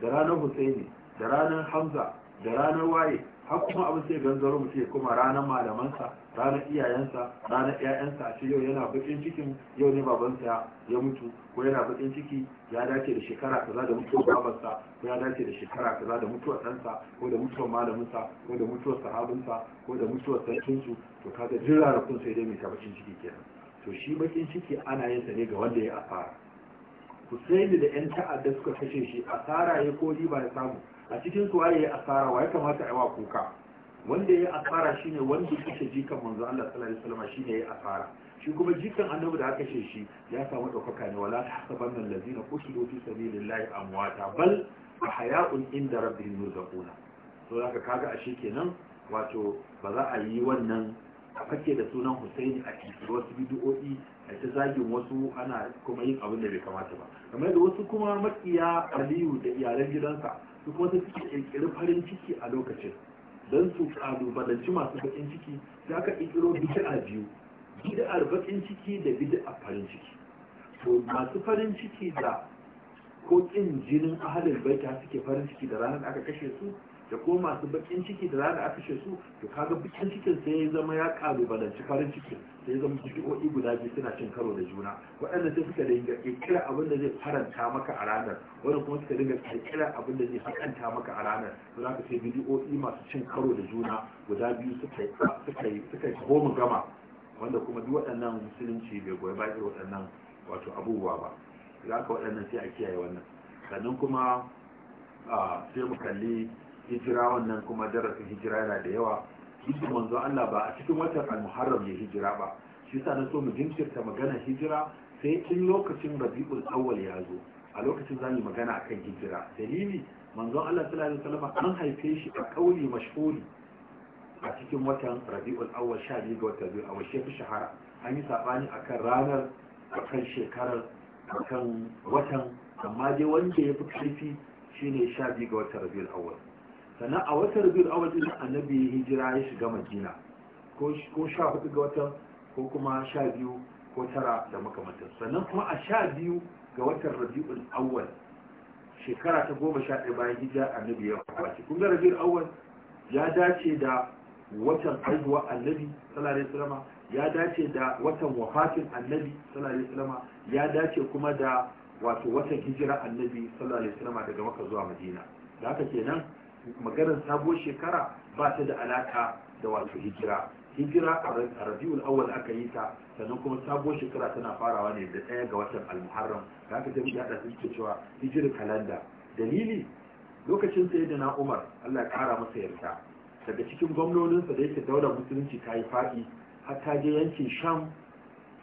da ranar husaini da ranar hamza da ranar waye har kuma abin sai gangaro mu sai kuma ranar malamansa ranar iyayensa ranar ƴaƴansa a ce yau yana bakin cikin yau ne babansa ya mutu ko yana bakin ciki ya dace da shekara kaza da mutuwar babansa, ko ya dace da shekara kaza da mutuwar ɗansa ko da mutuwar malaminsa ko da mutuwar sahabinsa ko da mutuwar sarkinsu to kaga jin kun sai dai mai bakin ciki kenan to shi bakin ciki ana yin sa ne ga wanda ya asara sai da 'yan ta'adda suka kashe shi asara ya ko riba ya samu a cikin su waye yi asara wa ya kamata a wa kuka wanda ya asara shine wanda yake jikan manzo Allah sallallahu alaihi wasallam shine ya asara shi kuma jikan annabi da aka shi ya samu ɗaukaka ne wala tahsabanna allazina qutilu fi sabilillahi amwata bal ahya'un inda rabbihim yurzaquna to zaka kaga ashe kenan wato ba za a yi wannan a fake da sunan hussaini a cikin wasu bidiyoyi a ta zagin wasu ana kuma yin abin da bai kamata ba kamar da wasu kuma makiya Aliyu da iyalan gidansa su kuma sai suke kirkiri farin ciki a lokacin don su kalubalanci masu bakin ciki da aka kirkiro a biyu bid'ar bakin ciki da a farin ciki to masu farin ciki da ko ƙin jinin ahalin baita suke farin ciki da ranar aka kashe su da ko masu bakin ciki da rana aka ce su to kaga bakin cikin sai ya zama ya kalubalanci farin ciki sai ya zama bidiyoyi guda biyu suna cin karo da juna waɗanda sai suka dinga kirkira abin da zai faranta maka a ranar wani kuma suka dinga kirkira abin da zai hakanta maka a ranar to zaka sai bidiyoyi masu cin karo da juna guda biyu suka suka suka yi gama wanda kuma duk waɗannan musulunci bai goyi ke waɗannan wato abubuwa ba za ka waɗannan sai a kiyaye wannan sannan kuma ah, sai mu kalli hijira wannan kuma darasin hijira yana da yawa shi manzo Allah ba a cikin watan al-muharram ya hijira ba shi sa na so mu jinkirta magana hijira sai in lokacin rabi'ul awwal ya zo a lokacin za mu magana akan hijira dalili manzo Allah sallallahu alaihi wasallam an haife shi a kauli mashhuri a cikin watan rabi'ul awwal biyu ga watan rabi'ul awwal shi shahara an yi sabani akan ranar akan shekarar akan watan amma dai wanda ya fi karfi shine biyu ga watan rabi'ul awwal sannan a watan rabiul a din annabi hijira ya shiga madina ko sha hudu ga watan ko kuma sha biyu, ko tara da makamantar sannan kuma a sha biyu ga watan rabiul awwal shekara ta goma sha ɗaya bayan hijira annabi ya kwace kun ga rabiul awwal ya dace da watan haihuwa annabi sallallahu alaihi wasallam ya dace da watan wafatin annabi sallallahu alaihi wasallam ya dace kuma da wato watan hijira annabi sallallahu alaihi wasallam daga makka zuwa madina da haka kenan maganar sabuwar shekara ba ta da alaka da wato hijira hijira a rabiul awwal aka yi ta sannan kuma sabuwar shekara tana farawa ne da ɗaya ga watan almuharram da aka tafi ya sun ce cewa hijir kalanda dalili lokacin sai da na umar allah ya kara masa yarda daga cikin gwamnoninsa da yake daular musulunci ta yi faɗi har ta je yankin sham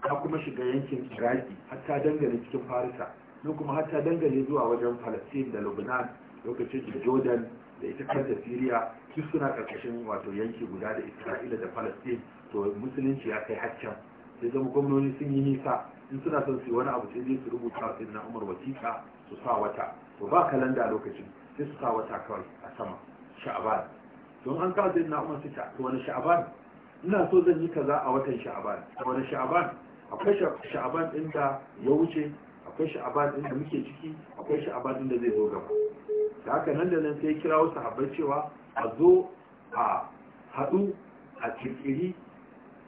ta kuma shiga yankin iraki har ta dangane cikin farisa nan kuma har ta dangane zuwa wajen palestine da lebanon lokacin da jordan da ita kanta siriya duk suna karkashin wato yanki guda da isra'ila da palestine to musulunci ya kai haccan sai zama gwamnoni sun yi nisa in suna son su yi wani abu sai su rubuta a na umar wasiƙa su sa wata to ba kalanda a lokacin sai su sa wata kawai a sama sha'aban don an kawo na umar su ta wani sha'aban ina so zan yi kaza a watan sha'aban wani sha'aban akwai sha'aban inda ya wuce akwai sha'aban inda muke ciki akwai sha'aban inda zai zo gaba haka nan da nan sai kira wasu habbai cewa a zo a haɗu a kirkiri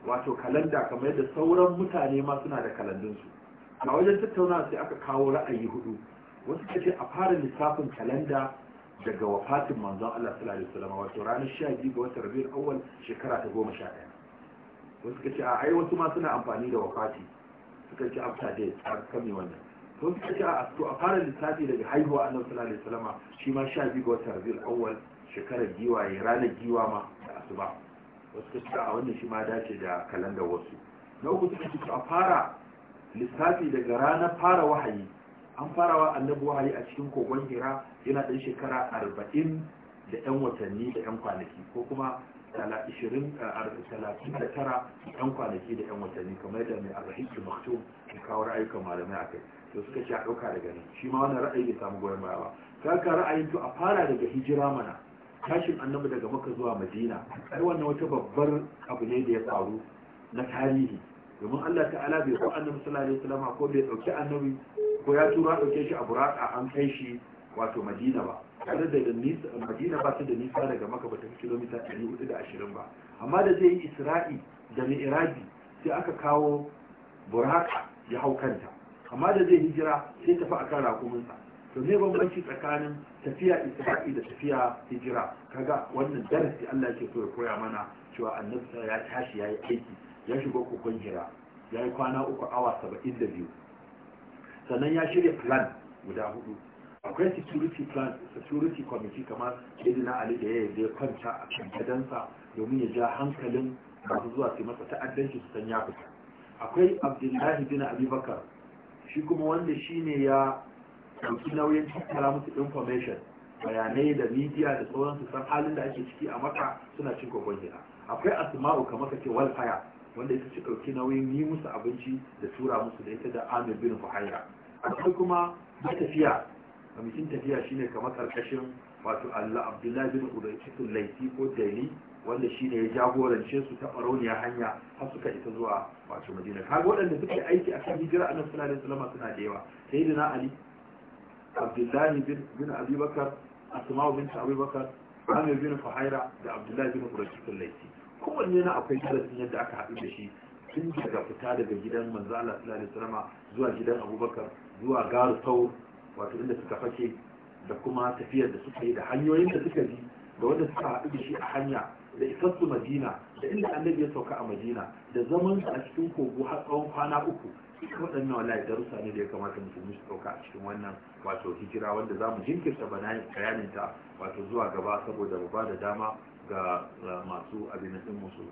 wato kalanda kamar yadda sauran mutane ma suna da kalandunsu a wajen tattauna sai aka kawo ra'ayi hudu wasu ka ce a fara lissafin kalanda daga wafatin manzon Allah sallallahu alaihi wasallam wato ranar 12 ga watan Rabiul Awwal shekara ta 11 wasu ka ce a ai wasu ma suna amfani da wafati suka ce after date har kame wannan sun suka a to a fara lissafi daga haihuwa annabi sallallahu alaihi wasallam shi ma sha biyu ga watan rabiul awwal shekarar giwaye ranar giwa ma da asuba wasu suka a wannan shi ma dace da kalandar wasu na uku suka ce a fara lissafi daga ranar fara wahayi an farawa annabi wahayi a cikin kogon hira yana ɗan shekara arba'in da 'yan watanni da 'yan kwanaki ko kuma da tara 'yan kwanaki da 'yan watanni kamar yadda mai arzikin maktum da kawo ayyukan malamai a kai da suka ce a ɗauka daga nan shi ma wannan ra'ayi bai samu goyon baya ba kaka ra'ayin to a fara daga hijira mana tashin annabi daga maka zuwa madina ai wannan wata babbar abu ne da ya faru na tarihi domin Allah ta'ala bai ko annabi sallallahu alaihi wasallam ko bai dauki annabi ko ya tura dauke shi a buraka an kai shi wato madina ba kada da nisa madina ba ta da nisa daga maka ba ta kilomita ashirin ba amma da zai yi isra'i da mi'raji sai aka kawo buraka ya hau kanta amma da zai hijira sai tafi a akan rakuminsa to ne bambanci tsakanin tafiya isra'i da tafiya hijira kaga wannan darasi Allah yake so ya koya mana cewa annabi ya tashi yayi aiki ya shiga kokon hira ya yi kwana uku awa saba'in da biyu sannan ya shirya plan guda hudu akwai security plan security committee kamar yadda ali da ya yi kwanta a kan gadansa domin ya ja hankalin masu zuwa su masa ta'addanci su san ya fita akwai abdullahi bin abubakar shi kuma wanda ne ya ɗauki nauyin tattara musu information bayanai da media da sauransu san halin da ake ciki a maka suna cin kogon gida akwai asma'u kamar ka ce walfaya wanda ita ce ɗauki nauyin yi musu abinci da tura musu da ita da amir bin fuhaira akwai kuma a bikin tafiya shine kamar karkashin wato allah abdullahi bin uraitu laifi ko daili wanda shi ne ya jagorance su ta ɓarauniya hanya har suka isa zuwa wato madina kaga waɗanda suke aiki a kan hijira a nan sallallahu alaihi suna da yawa sai dina ali abdullahi bin abubakar asma'u bin abubakar amir bin fahaira da abdullahi bin qurashi laifi kowanne na akwai darasin yadda aka haɗu da shi tun daga fita daga gidan manzo Allah sallallahu alaihi wasallam zuwa gidan abubakar zuwa garu sau wato inda suka fake da kuma tafiyar da suka yi da hanyoyin da suka bi da wanda suka haɗu da shi a hanya da isassu madina da inda annabi ya sauka a madina da zaman a cikin kogo har tsawon kwana uku duka waɗannan wallahi darussa ne da ya kamata mu su ɗauka a cikin wannan wato hijira wanda za mu jinkirta bayaninta wato zuwa gaba saboda mu ba da dama ga masu abin din musu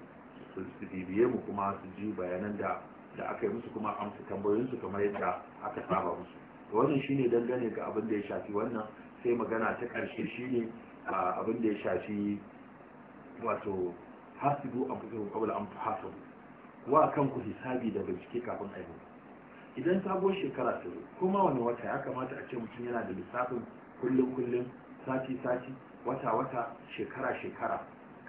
su bibiye mu kuma su ji bayanan da da aka yi musu kuma amsa su kamar yadda aka saba musu wannan shine dangane ga abin da ya shafi wannan sai magana ta karshe shine abin da ya shafi wato hasibu a fi kawai an fi kuwa wa kan ku hisabi da bincike kafin aihu idan sabuwar shekara ta zo kuma wani wata ya kamata a ce mutum yana da lissafin kullum kullum sati sati wata wata shekara shekara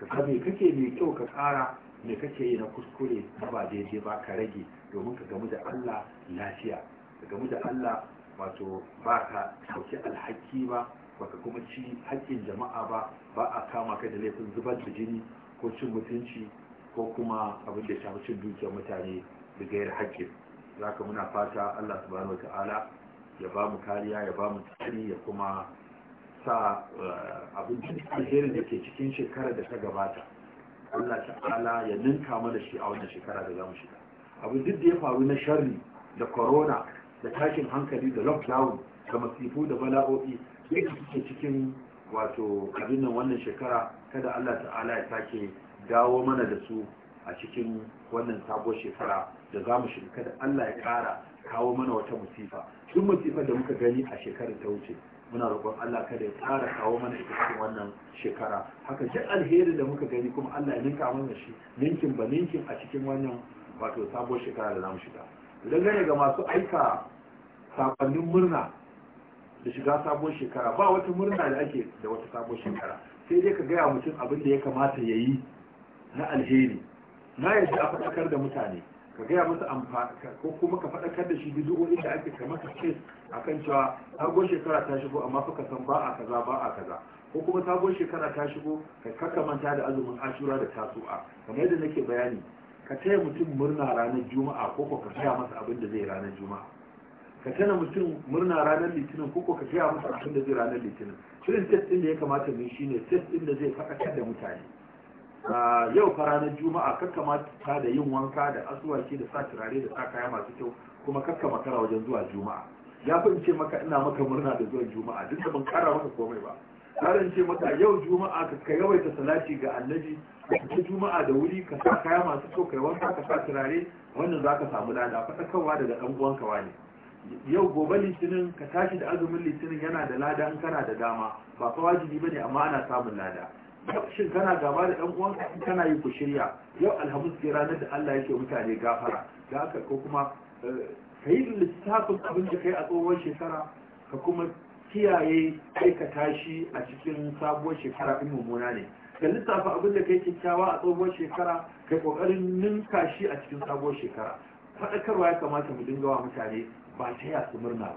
ka me kake mai kyau ka kara me kake yi na kuskure na ba daidai ba ka rage domin ka gamu da Allah lafiya ka gamu da Allah wato ba ka ɗauki alhaki ba baka kuma ci haƙƙin jama'a ba ba a kama ka da laifin zubar da jini ko cin mutunci ko kuma abin da ya shafi cin dukiyar mutane da gairar haƙƙin za ka muna fata allah subhanahu wata'ala ya ba mu kariya ya ba mu tsari ya kuma sa eh, abin alherin da ke cikin shekarar da ta gabata allah ta'ala ya ninka mana shi a wannan shekara da za mu shiga abin duk da ya faru na sharri da corona da tashin hankali da lockdown da masifu da bala'o'i duk suke cikin wato abin wannan shekara kada Allah ta'ala ya sake dawo mana da su a cikin wannan sabuwar shekara da za mu shiga kada Allah ya kara kawo mana wata musifa duk musifar da muka gani a shekarar ta wuce muna roƙon Allah kada ya ƙara kawo mana ita cikin wannan shekara haka duk alheri da muka gani kuma Allah ya ninka mana shi ninkin ba ninkin a cikin wannan wato sabuwar shekara da za mu shiga idan gane ga masu aika sakonnin murna da shiga sabon shekara ba wata murna da ake da wata sabon shekara sai dai ka gaya mutum abin da ya kamata ya yi na alheri na yadda a faɗakar da mutane ka gaya musu amfani ko kuma ka faɗakar da shi wani da ake kamar ka ce kan cewa sabon shekara ta shigo amma fa san ba a kaza ba a kaza ko kuma sabon shekara ta shigo ka manta da azumin ashura da tasu'a kamar yadda nake bayani ka taya mutum murna ranar juma'a ko ka gaya masa abin da zai ranar juma'a ka tana mutum murna ranar litinin ko ka gaya masa abin da zai ranar litinin shirin test din da ya kamata mu shine test din da zai faɗakar da mutane yau fa ranar juma'a kakama mata da yin wanka da asuwaki da sa turare da sa kaya masu kyau kuma kakka makara wajen zuwa juma'a ya fi ce maka ina maka murna da zuwan juma'a duk da ban kara maka komai ba karin ce maka yau juma'a ka ka yawaita salati ga annabi ka juma'a da wuri ka sa kaya masu kyau kai wanka ka sa turare wannan zaka samu lada faɗakarwa daga ɗan uwanka wani yau gobe litinin ka tashi da azumin litinin yana da lada in kana da dama ba fa wajibi ne amma ana samun lada shin kana gaba da ɗan uwanka in kana yi ku shirya yau alhamis ke ranar da Allah yake mutane gafara da aka ko kuma eh, ka yi lissafin abin da kai a tsohon shekara ka kuma kiyaye aikata shi a cikin sabuwar shekara in mummuna ne ka lissafa abin da kai kyakkyawa a tsohon shekara ka kokarin ninka shi a cikin sabuwar shekara faɗakarwa ya kamata mu dinga wa mutane ba ta ya su murna ba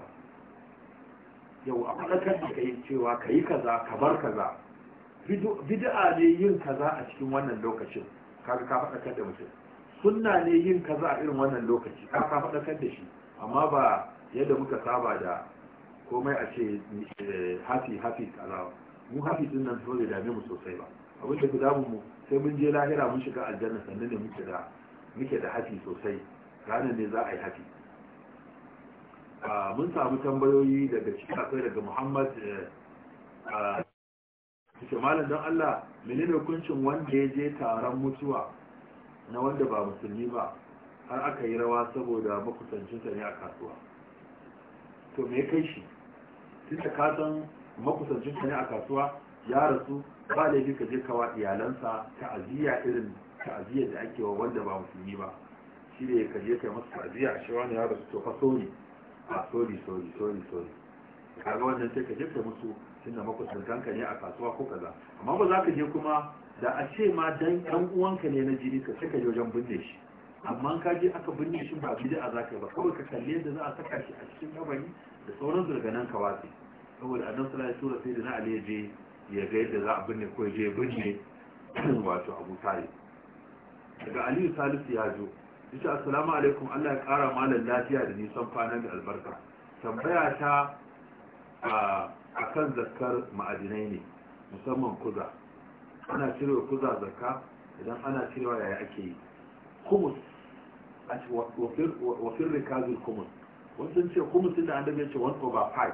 yau a faɗakar da ka yi cewa ka yi kaza ka bar kaza bid'a ne yin kaza a cikin wannan lokacin kaga ka faɗakar da mutum sunna ne yin kaza a irin wannan lokaci ka ka faɗakar da shi amma ba yadda muka saba da komai a ce eh, hafi hafi kaza mu hafi din nan so dame mu sosai ba abin da guda mu sai mun je lahira mun shiga aljanna sannan ne muke da muke da hafi sosai ranar ne za a yi hafi mun samu tambayoyi daga cikin daga muhammad suke eh, malam don allah menene hukuncin wanda ya je taron mutuwa na wanda ba musulmi ba har aka yi rawa saboda makusancinsa ne a kasuwa to me kai shi tun da ka san makusancinsa ne a kasuwa ya rasu ba laifi ka je kawa iyalansa ta'aziyya irin ta'aziyya da ake wa wanda ba musulmi ba shi ne ka kaje kai masa ta'aziyya shi wani ya rasu to faso ne a ah, sorry sorry sorry sorry kaga wannan sai ka jefa musu tunda makusantan ka ne a kasuwa ko kaza amma ba za ka je kuma da a ce ma dan ɗan uwanka ne na jini ka saka wajen binne shi amma ka je aka binne shi ba a za ka ba kawai ka kalle yadda za a saka shi a cikin kabari da sauran zurganan ka wace saboda annabi sallallahu alaihi wasallam sai da na ali je ya ga yadda za a binne ko je binne wato Abu Talib daga Aliyu Salisu ya zo yace assalamu alaikum Allah ya kara malam lafiya da nisan kwana da albarka tambaya ta a kan zakar ma'adinai ne musamman kuza ana cire kuza zakka idan ana cirewa yaya ake yi kumus a ce wafin rikazin kumus wasu ce kumus da an dabe ce 1 over 5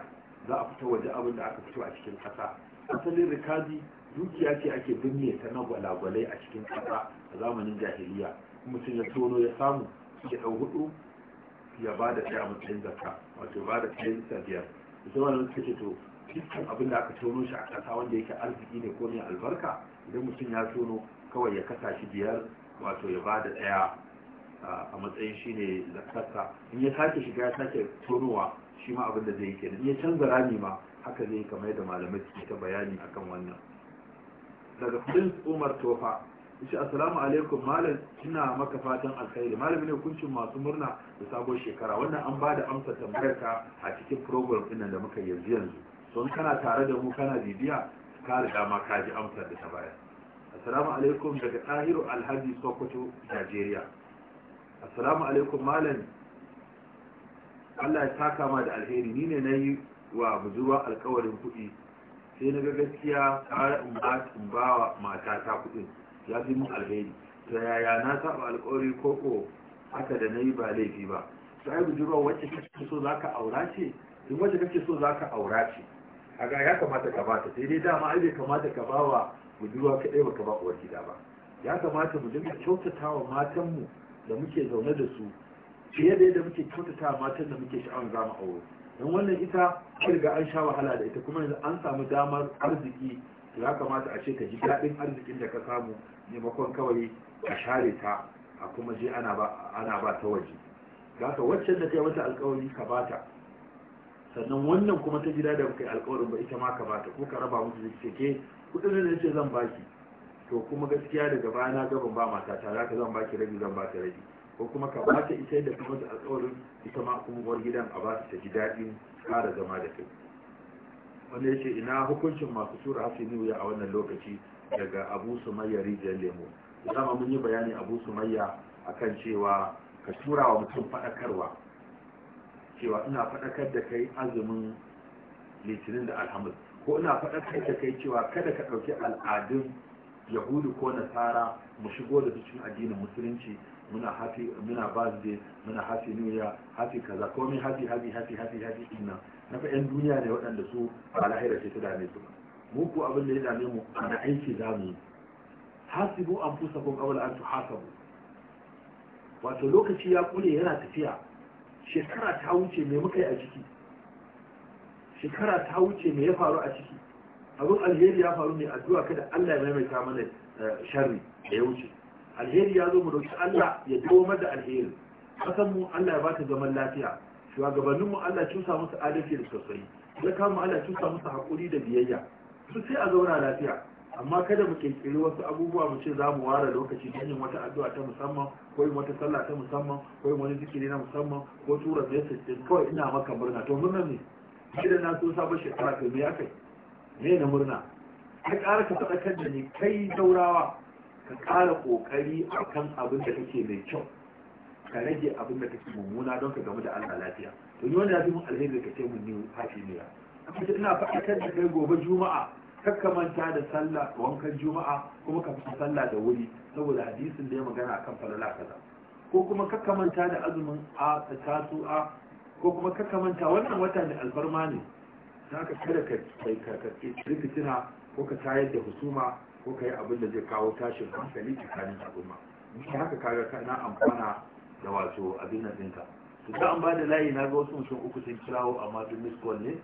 za a fita waje abin da aka fito a cikin ƙasa asalin rikazi dukiya ce ake binne ta na gwalagwalai a cikin ƙasa a zamanin jahiliya mutum ya tono ya samu ya ɗau hudu ya ba da ɗaya matsayin zakka wato ba da ɗaya bisa biyar ita wannan suka ce to dukkan abin da aka tono shi a ƙasa wanda yake arziki ne ko ne albarka idan mutum ya tono kawai ya kasa shi biyar wato ya ba da ɗaya a matsayin shi ne zakarsa in ya sake shiga ya sake tonowa shi ma abin da zai yi in ya canza rami ma haka zai kamar da malamai suke ta bayani akan wannan daga prince umar tofa yace assalamu alaikum malam ina maka fatan alkhairi malam ne hukuncin masu murna da sabon shekara wannan an bada amsa tambayar ka a cikin program din da muka yanzu yanzu don kana tare da mu kana bibiya ka riga ma ka ji amsar da ta baya. assalamu alaikum daga tahiru alhaji sokoto nigeria. assalamu alaikum malam Allah ya taka ma da alheri ni ne na yi wa budurwa alkawarin kuɗi sai na ga gaskiya ba in ba wa matata kuɗin ya fi mun alheri to yaya na saba alkawari koko haka da na yi ba laifi ba sai budurwa wacce kake so zaka aura ce in wacce kake so zaka aura ce kaga ya kamata ka bata sai dai dama ai bai kamata ka bawa budurwa kadai baka ba uwar gida ba ya kamata mu dinga kyautatawa matan mu da muke zaune da su fiye da yadda muke kyautatawa matan da muke sha'awar zama aure don wannan ita an riga an sha wahala da ita kuma yanzu an samu damar arziki ya kamata a ce ka ji daɗin arzikin da ka samu maimakon kawai a share ta a kuma je ana ba ta waje ka wacce da kai wata mata alkawari ka bata sannan wannan kuma ta gida da kai alkawarin ba ita ma ka bata ko ka raba musu da ke kudin da ce zan baki to kuma gaskiya daga baya na gaban ba mata ta za ka zan baki rabi zan ta rabi ko kuma ka bata ita da kuma alkawarin ita ma kuma uwar gidan a ba ta ji daɗin ƙara zama da kai wanda ya ce ina hukuncin masu tura hasini wuya a wannan lokaci daga abu sumayya rijiyar lemo zama mun yi bayani abu sumayya kan cewa ka tura wa mutum faɗakarwa cewa ina faɗakar da kai azumin litinin da alhamis ko ina faɗakar da kai cewa kada ka ɗauki al'adun yahudu ko nasara mu shigo da su cikin addinin musulunci muna hafi muna birthday muna hafi new year hafi kaza komai hafi hafi hafi hafi hafi inna na fa 'yan duniya ne waɗanda su a lahira ce ta dame su mu abin da ya dame mu ana aiki za mu yi hasibu an fusa kun kawal an su mu. wato lokaci ya kule yana tafiya shekara ta wuce me muka yi a ciki shekara ta wuce me ya faru a ciki abin alheri ya faru ne addu'a kada Allah ya maimaita mana eh, sharri da ya wuce alheri ya zo mu dauki Allah ya dawo da alheri kasan mu Allah ya bata zaman lafiya shugabanninmu Allah cusa musu adalci da sosai da kama Allah cusa musu haƙuri da biyayya su sai a zauna lafiya amma kada mu kirkiri wasu abubuwa mu ce za mu ware lokaci don yin wata addu'a ta musamman ko yin wata sallah ta musamman ko yin wani zikiri na musamman ko tura message din kawai ina maka murna to murna ne idan na so sabon shekara kai me ya me na murna ka ƙara ka faɗakar da ni kai daurawa ka ƙara ƙoƙari kan abin da kake mai kyau ka rage abin da kake mummuna don ka gamu da Allah lafiya to ni wanda ya fi mun alheri da ce mun ni fashi ne ya ina faɗakar da kai gobe juma'a kakka manta da sallah wankan juma'a kuma ka fi sallah da wuri saboda hadisin da ya magana akan falala kaza ko kuma kakka manta da azumin a ko kuma kakka manta wannan wata ne alfarma ne za ka kada ka rikitina ko ka tayar da husuma ko ka yi abin da zai kawo tashin hankali tsakanin al'umma haka kaga na amfana da wato abin nan ɗinka su ta an ba da layi na ga wasu mutum uku sun kirawo amma duk call ne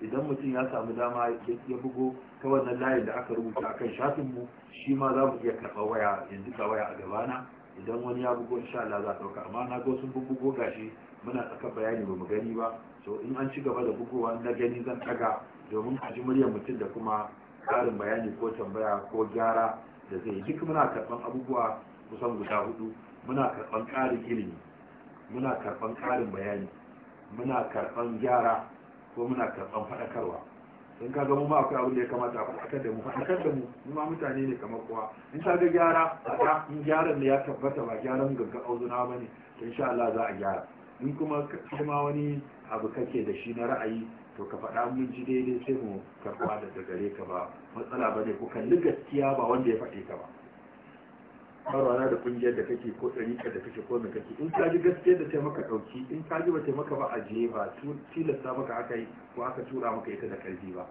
idan mutum ya samu dama ya bugo ta wannan layin da aka rubuta akan shafin mu shi ma za mu iya karɓa waya yanzu ka waya a gabana idan wani ya bugo insha Allah za a ɗauka amma na ga wasu bugo gashi muna tsaka bayani ba mu gani ba to in an ci gaba da bugowa na gani zan taga domin a ji muryar mutum da kuma ƙarin bayani ko tambaya ko gyara da zai yi duk muna karɓan abubuwa kusan guda hudu muna karɓan ƙarin ilimi muna karɓan ƙarin bayani muna karɓan gyara ko muna karɓan faɗakarwa in ka mu ba akwai abin da ya kamata a faɗakar da mu faɗakar da mu mu ma mutane ne kamar kowa in ka ga gyara a faɗa in gyaran da ya tabbata ba gyaran gagga auzuna ba ne to insha Allah za a gyara in kuma kuma wani abu kake da shi na ra'ayi to ka faɗa mun ji daidai sai mu karɓa da gare ka ba matsala bane ku kalli gaskiya ba wanda ya faɗe ka ba na da kungiyar da kake ko ɗarika da kake ko mai kake in ka ji gaske da ta maka ɗauki in ka ji ba ta maka ba a je ba tilasta maka aka yi ko aka tura maka ita da karfi ba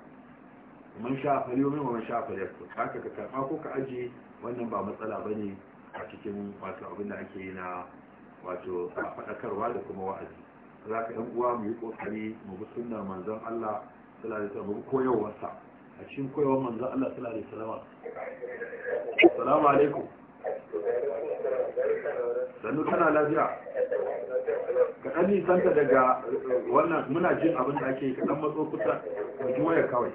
man sha fari wani man sha fari haka ka karɓa ko ka aje wannan ba matsala ba ne a cikin wato abin da ake yi na wato faɗakarwa da kuma wa'azi za ka yan uwa mu yi ƙoƙari mu bi sunnar manzon Allah sallallahu alaihi wasallam koyarwarsa a cikin koyarwar manzon Allah sallallahu alaihi wasallam assalamu alaikum sannu tana lafiya ka ɗan santa daga eh, wannan muna jin abin da ake kaɗan matso kusa da ji waya kawai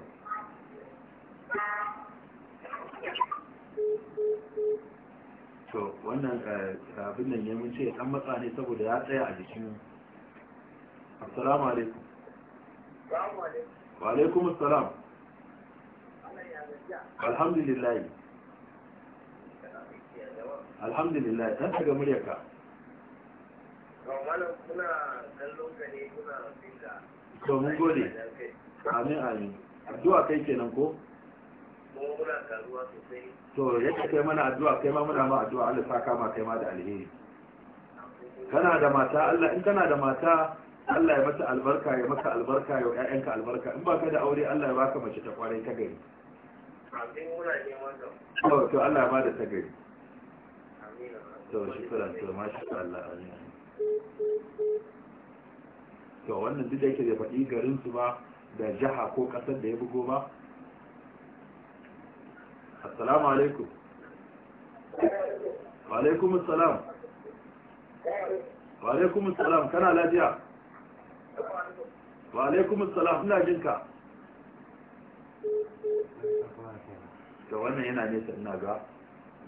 to wannan eh, abin nan ya mun ce ɗan matsa ne saboda ya tsaya a jikin assalamu alaikum wa alaikum assalam alhamdulillah alhamdulillah ta daga muryarka to mun gode amin amin addu'a kai kenan ko to yadda kai mana addu'a kai ma muna ma addu'a Allah saka kama kai ma da alheri kana da mata Allah in kana da mata Allah ya mata albarka ya maka albarka ya ƴaƴanka albarka in baka da aure Allah ya baka mace ta kwarai ta gari amin muna neman to Allah ya bada ta gari to shukran to masha Allah amin to wannan duk da yake da faɗi garin su ba da jiha ko ƙasar da ya bugo ba assalamu alaikum wa alaikum assalam wa alaikum assalam kana lafiya wa alaikum assalam ina jinka to wannan yana nesa ina ga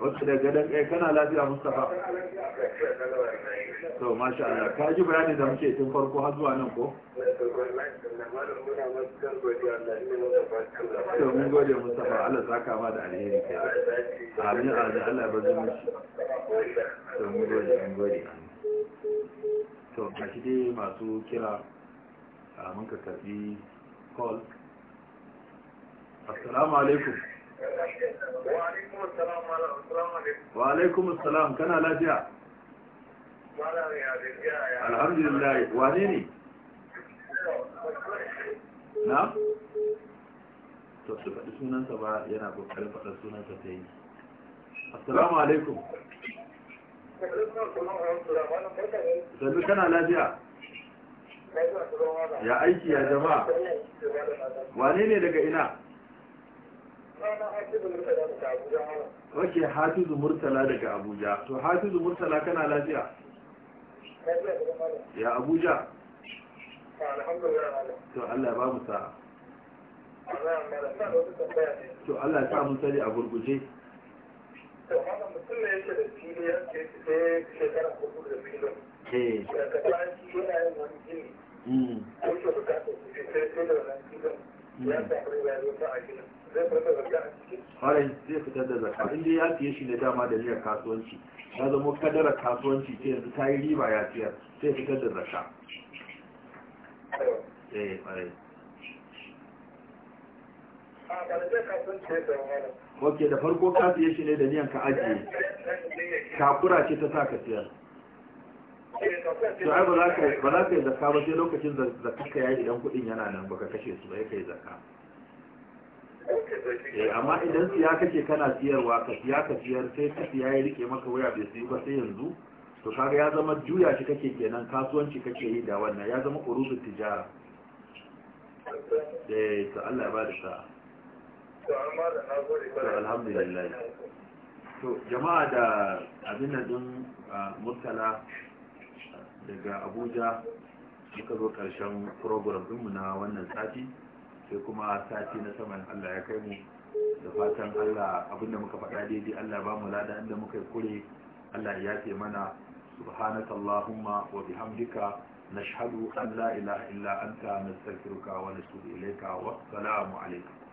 wasu da gadon kai eh, kana lafiya mustapha to masha Allah ka ji bayani da muke tun farko har zuwa nan ko to mun gode mustapha Allah saka ma da alheri kai amin amin Allah ba zai mishi to mun gode mun gode to kashi dai masu kira ah, mun ka karbi call assalamu alaikum wa alaikum assalam kana lafiya alhamdulillah wane ne na? to su faɗi sunansa ba yana ƙoƙarin faɗa sunansa ta yi assalamu alaikum sannu kana lafiya ya aiki ya jama'a wane ne daga ina Wake Hafizu Murtala daga Abuja. To Hafizu Murtala kana lafiya? Ya Abuja? To Allah ya ba mu sa'a. To Allah ya sa mu sani a gurguje. To haka mutum ne yake da fili ya ce sai shekara kudu da filin. Eh. Daga kwanci yana yin wani gini. ko Yake bukatar su sai sai da wani filin. Ya sa ya zo ta a ginin. kwarai zai fitar da zakka inda ya siye shi ne dama da niyyar kasuwanci ya zama kadara kasuwanci ce yanzu ta yi riba ya siyar sai fitar da zakka eh ok da farko ka siye shi ne da niyyar ka ajiye kakura ce ta sa ka siyar to ai ba za ka yi zakka ba sai lokacin zakka ya yi idan kudin yana nan baka kashe su ba ya kai zakka Eh, amma idan siya kake kana siyarwa ka siya ka siyar sai ka siya ya rike maka waya bai sayi ba sai yanzu to kaga ya zama juya shi kake kenan kasuwanci kake yi da wannan ya zama urubin tijara eh to Allah ya ba da sa'a to amma da alhamdulillah to jama'a da abin nan din murtala daga Abuja muka zo karshen program ɗinmu na wannan sati sai kuma sati na saman Allah ya kai mu da fatan Allah abinda muka faɗa daidai Allah ba mu lada inda muka yi kure Allah ya ce mana subhanaka allahumma wa bihamdika nashhadu an la ilaha illa anta nastaghfiruka wa natubu ilayka wa assalamu alaikum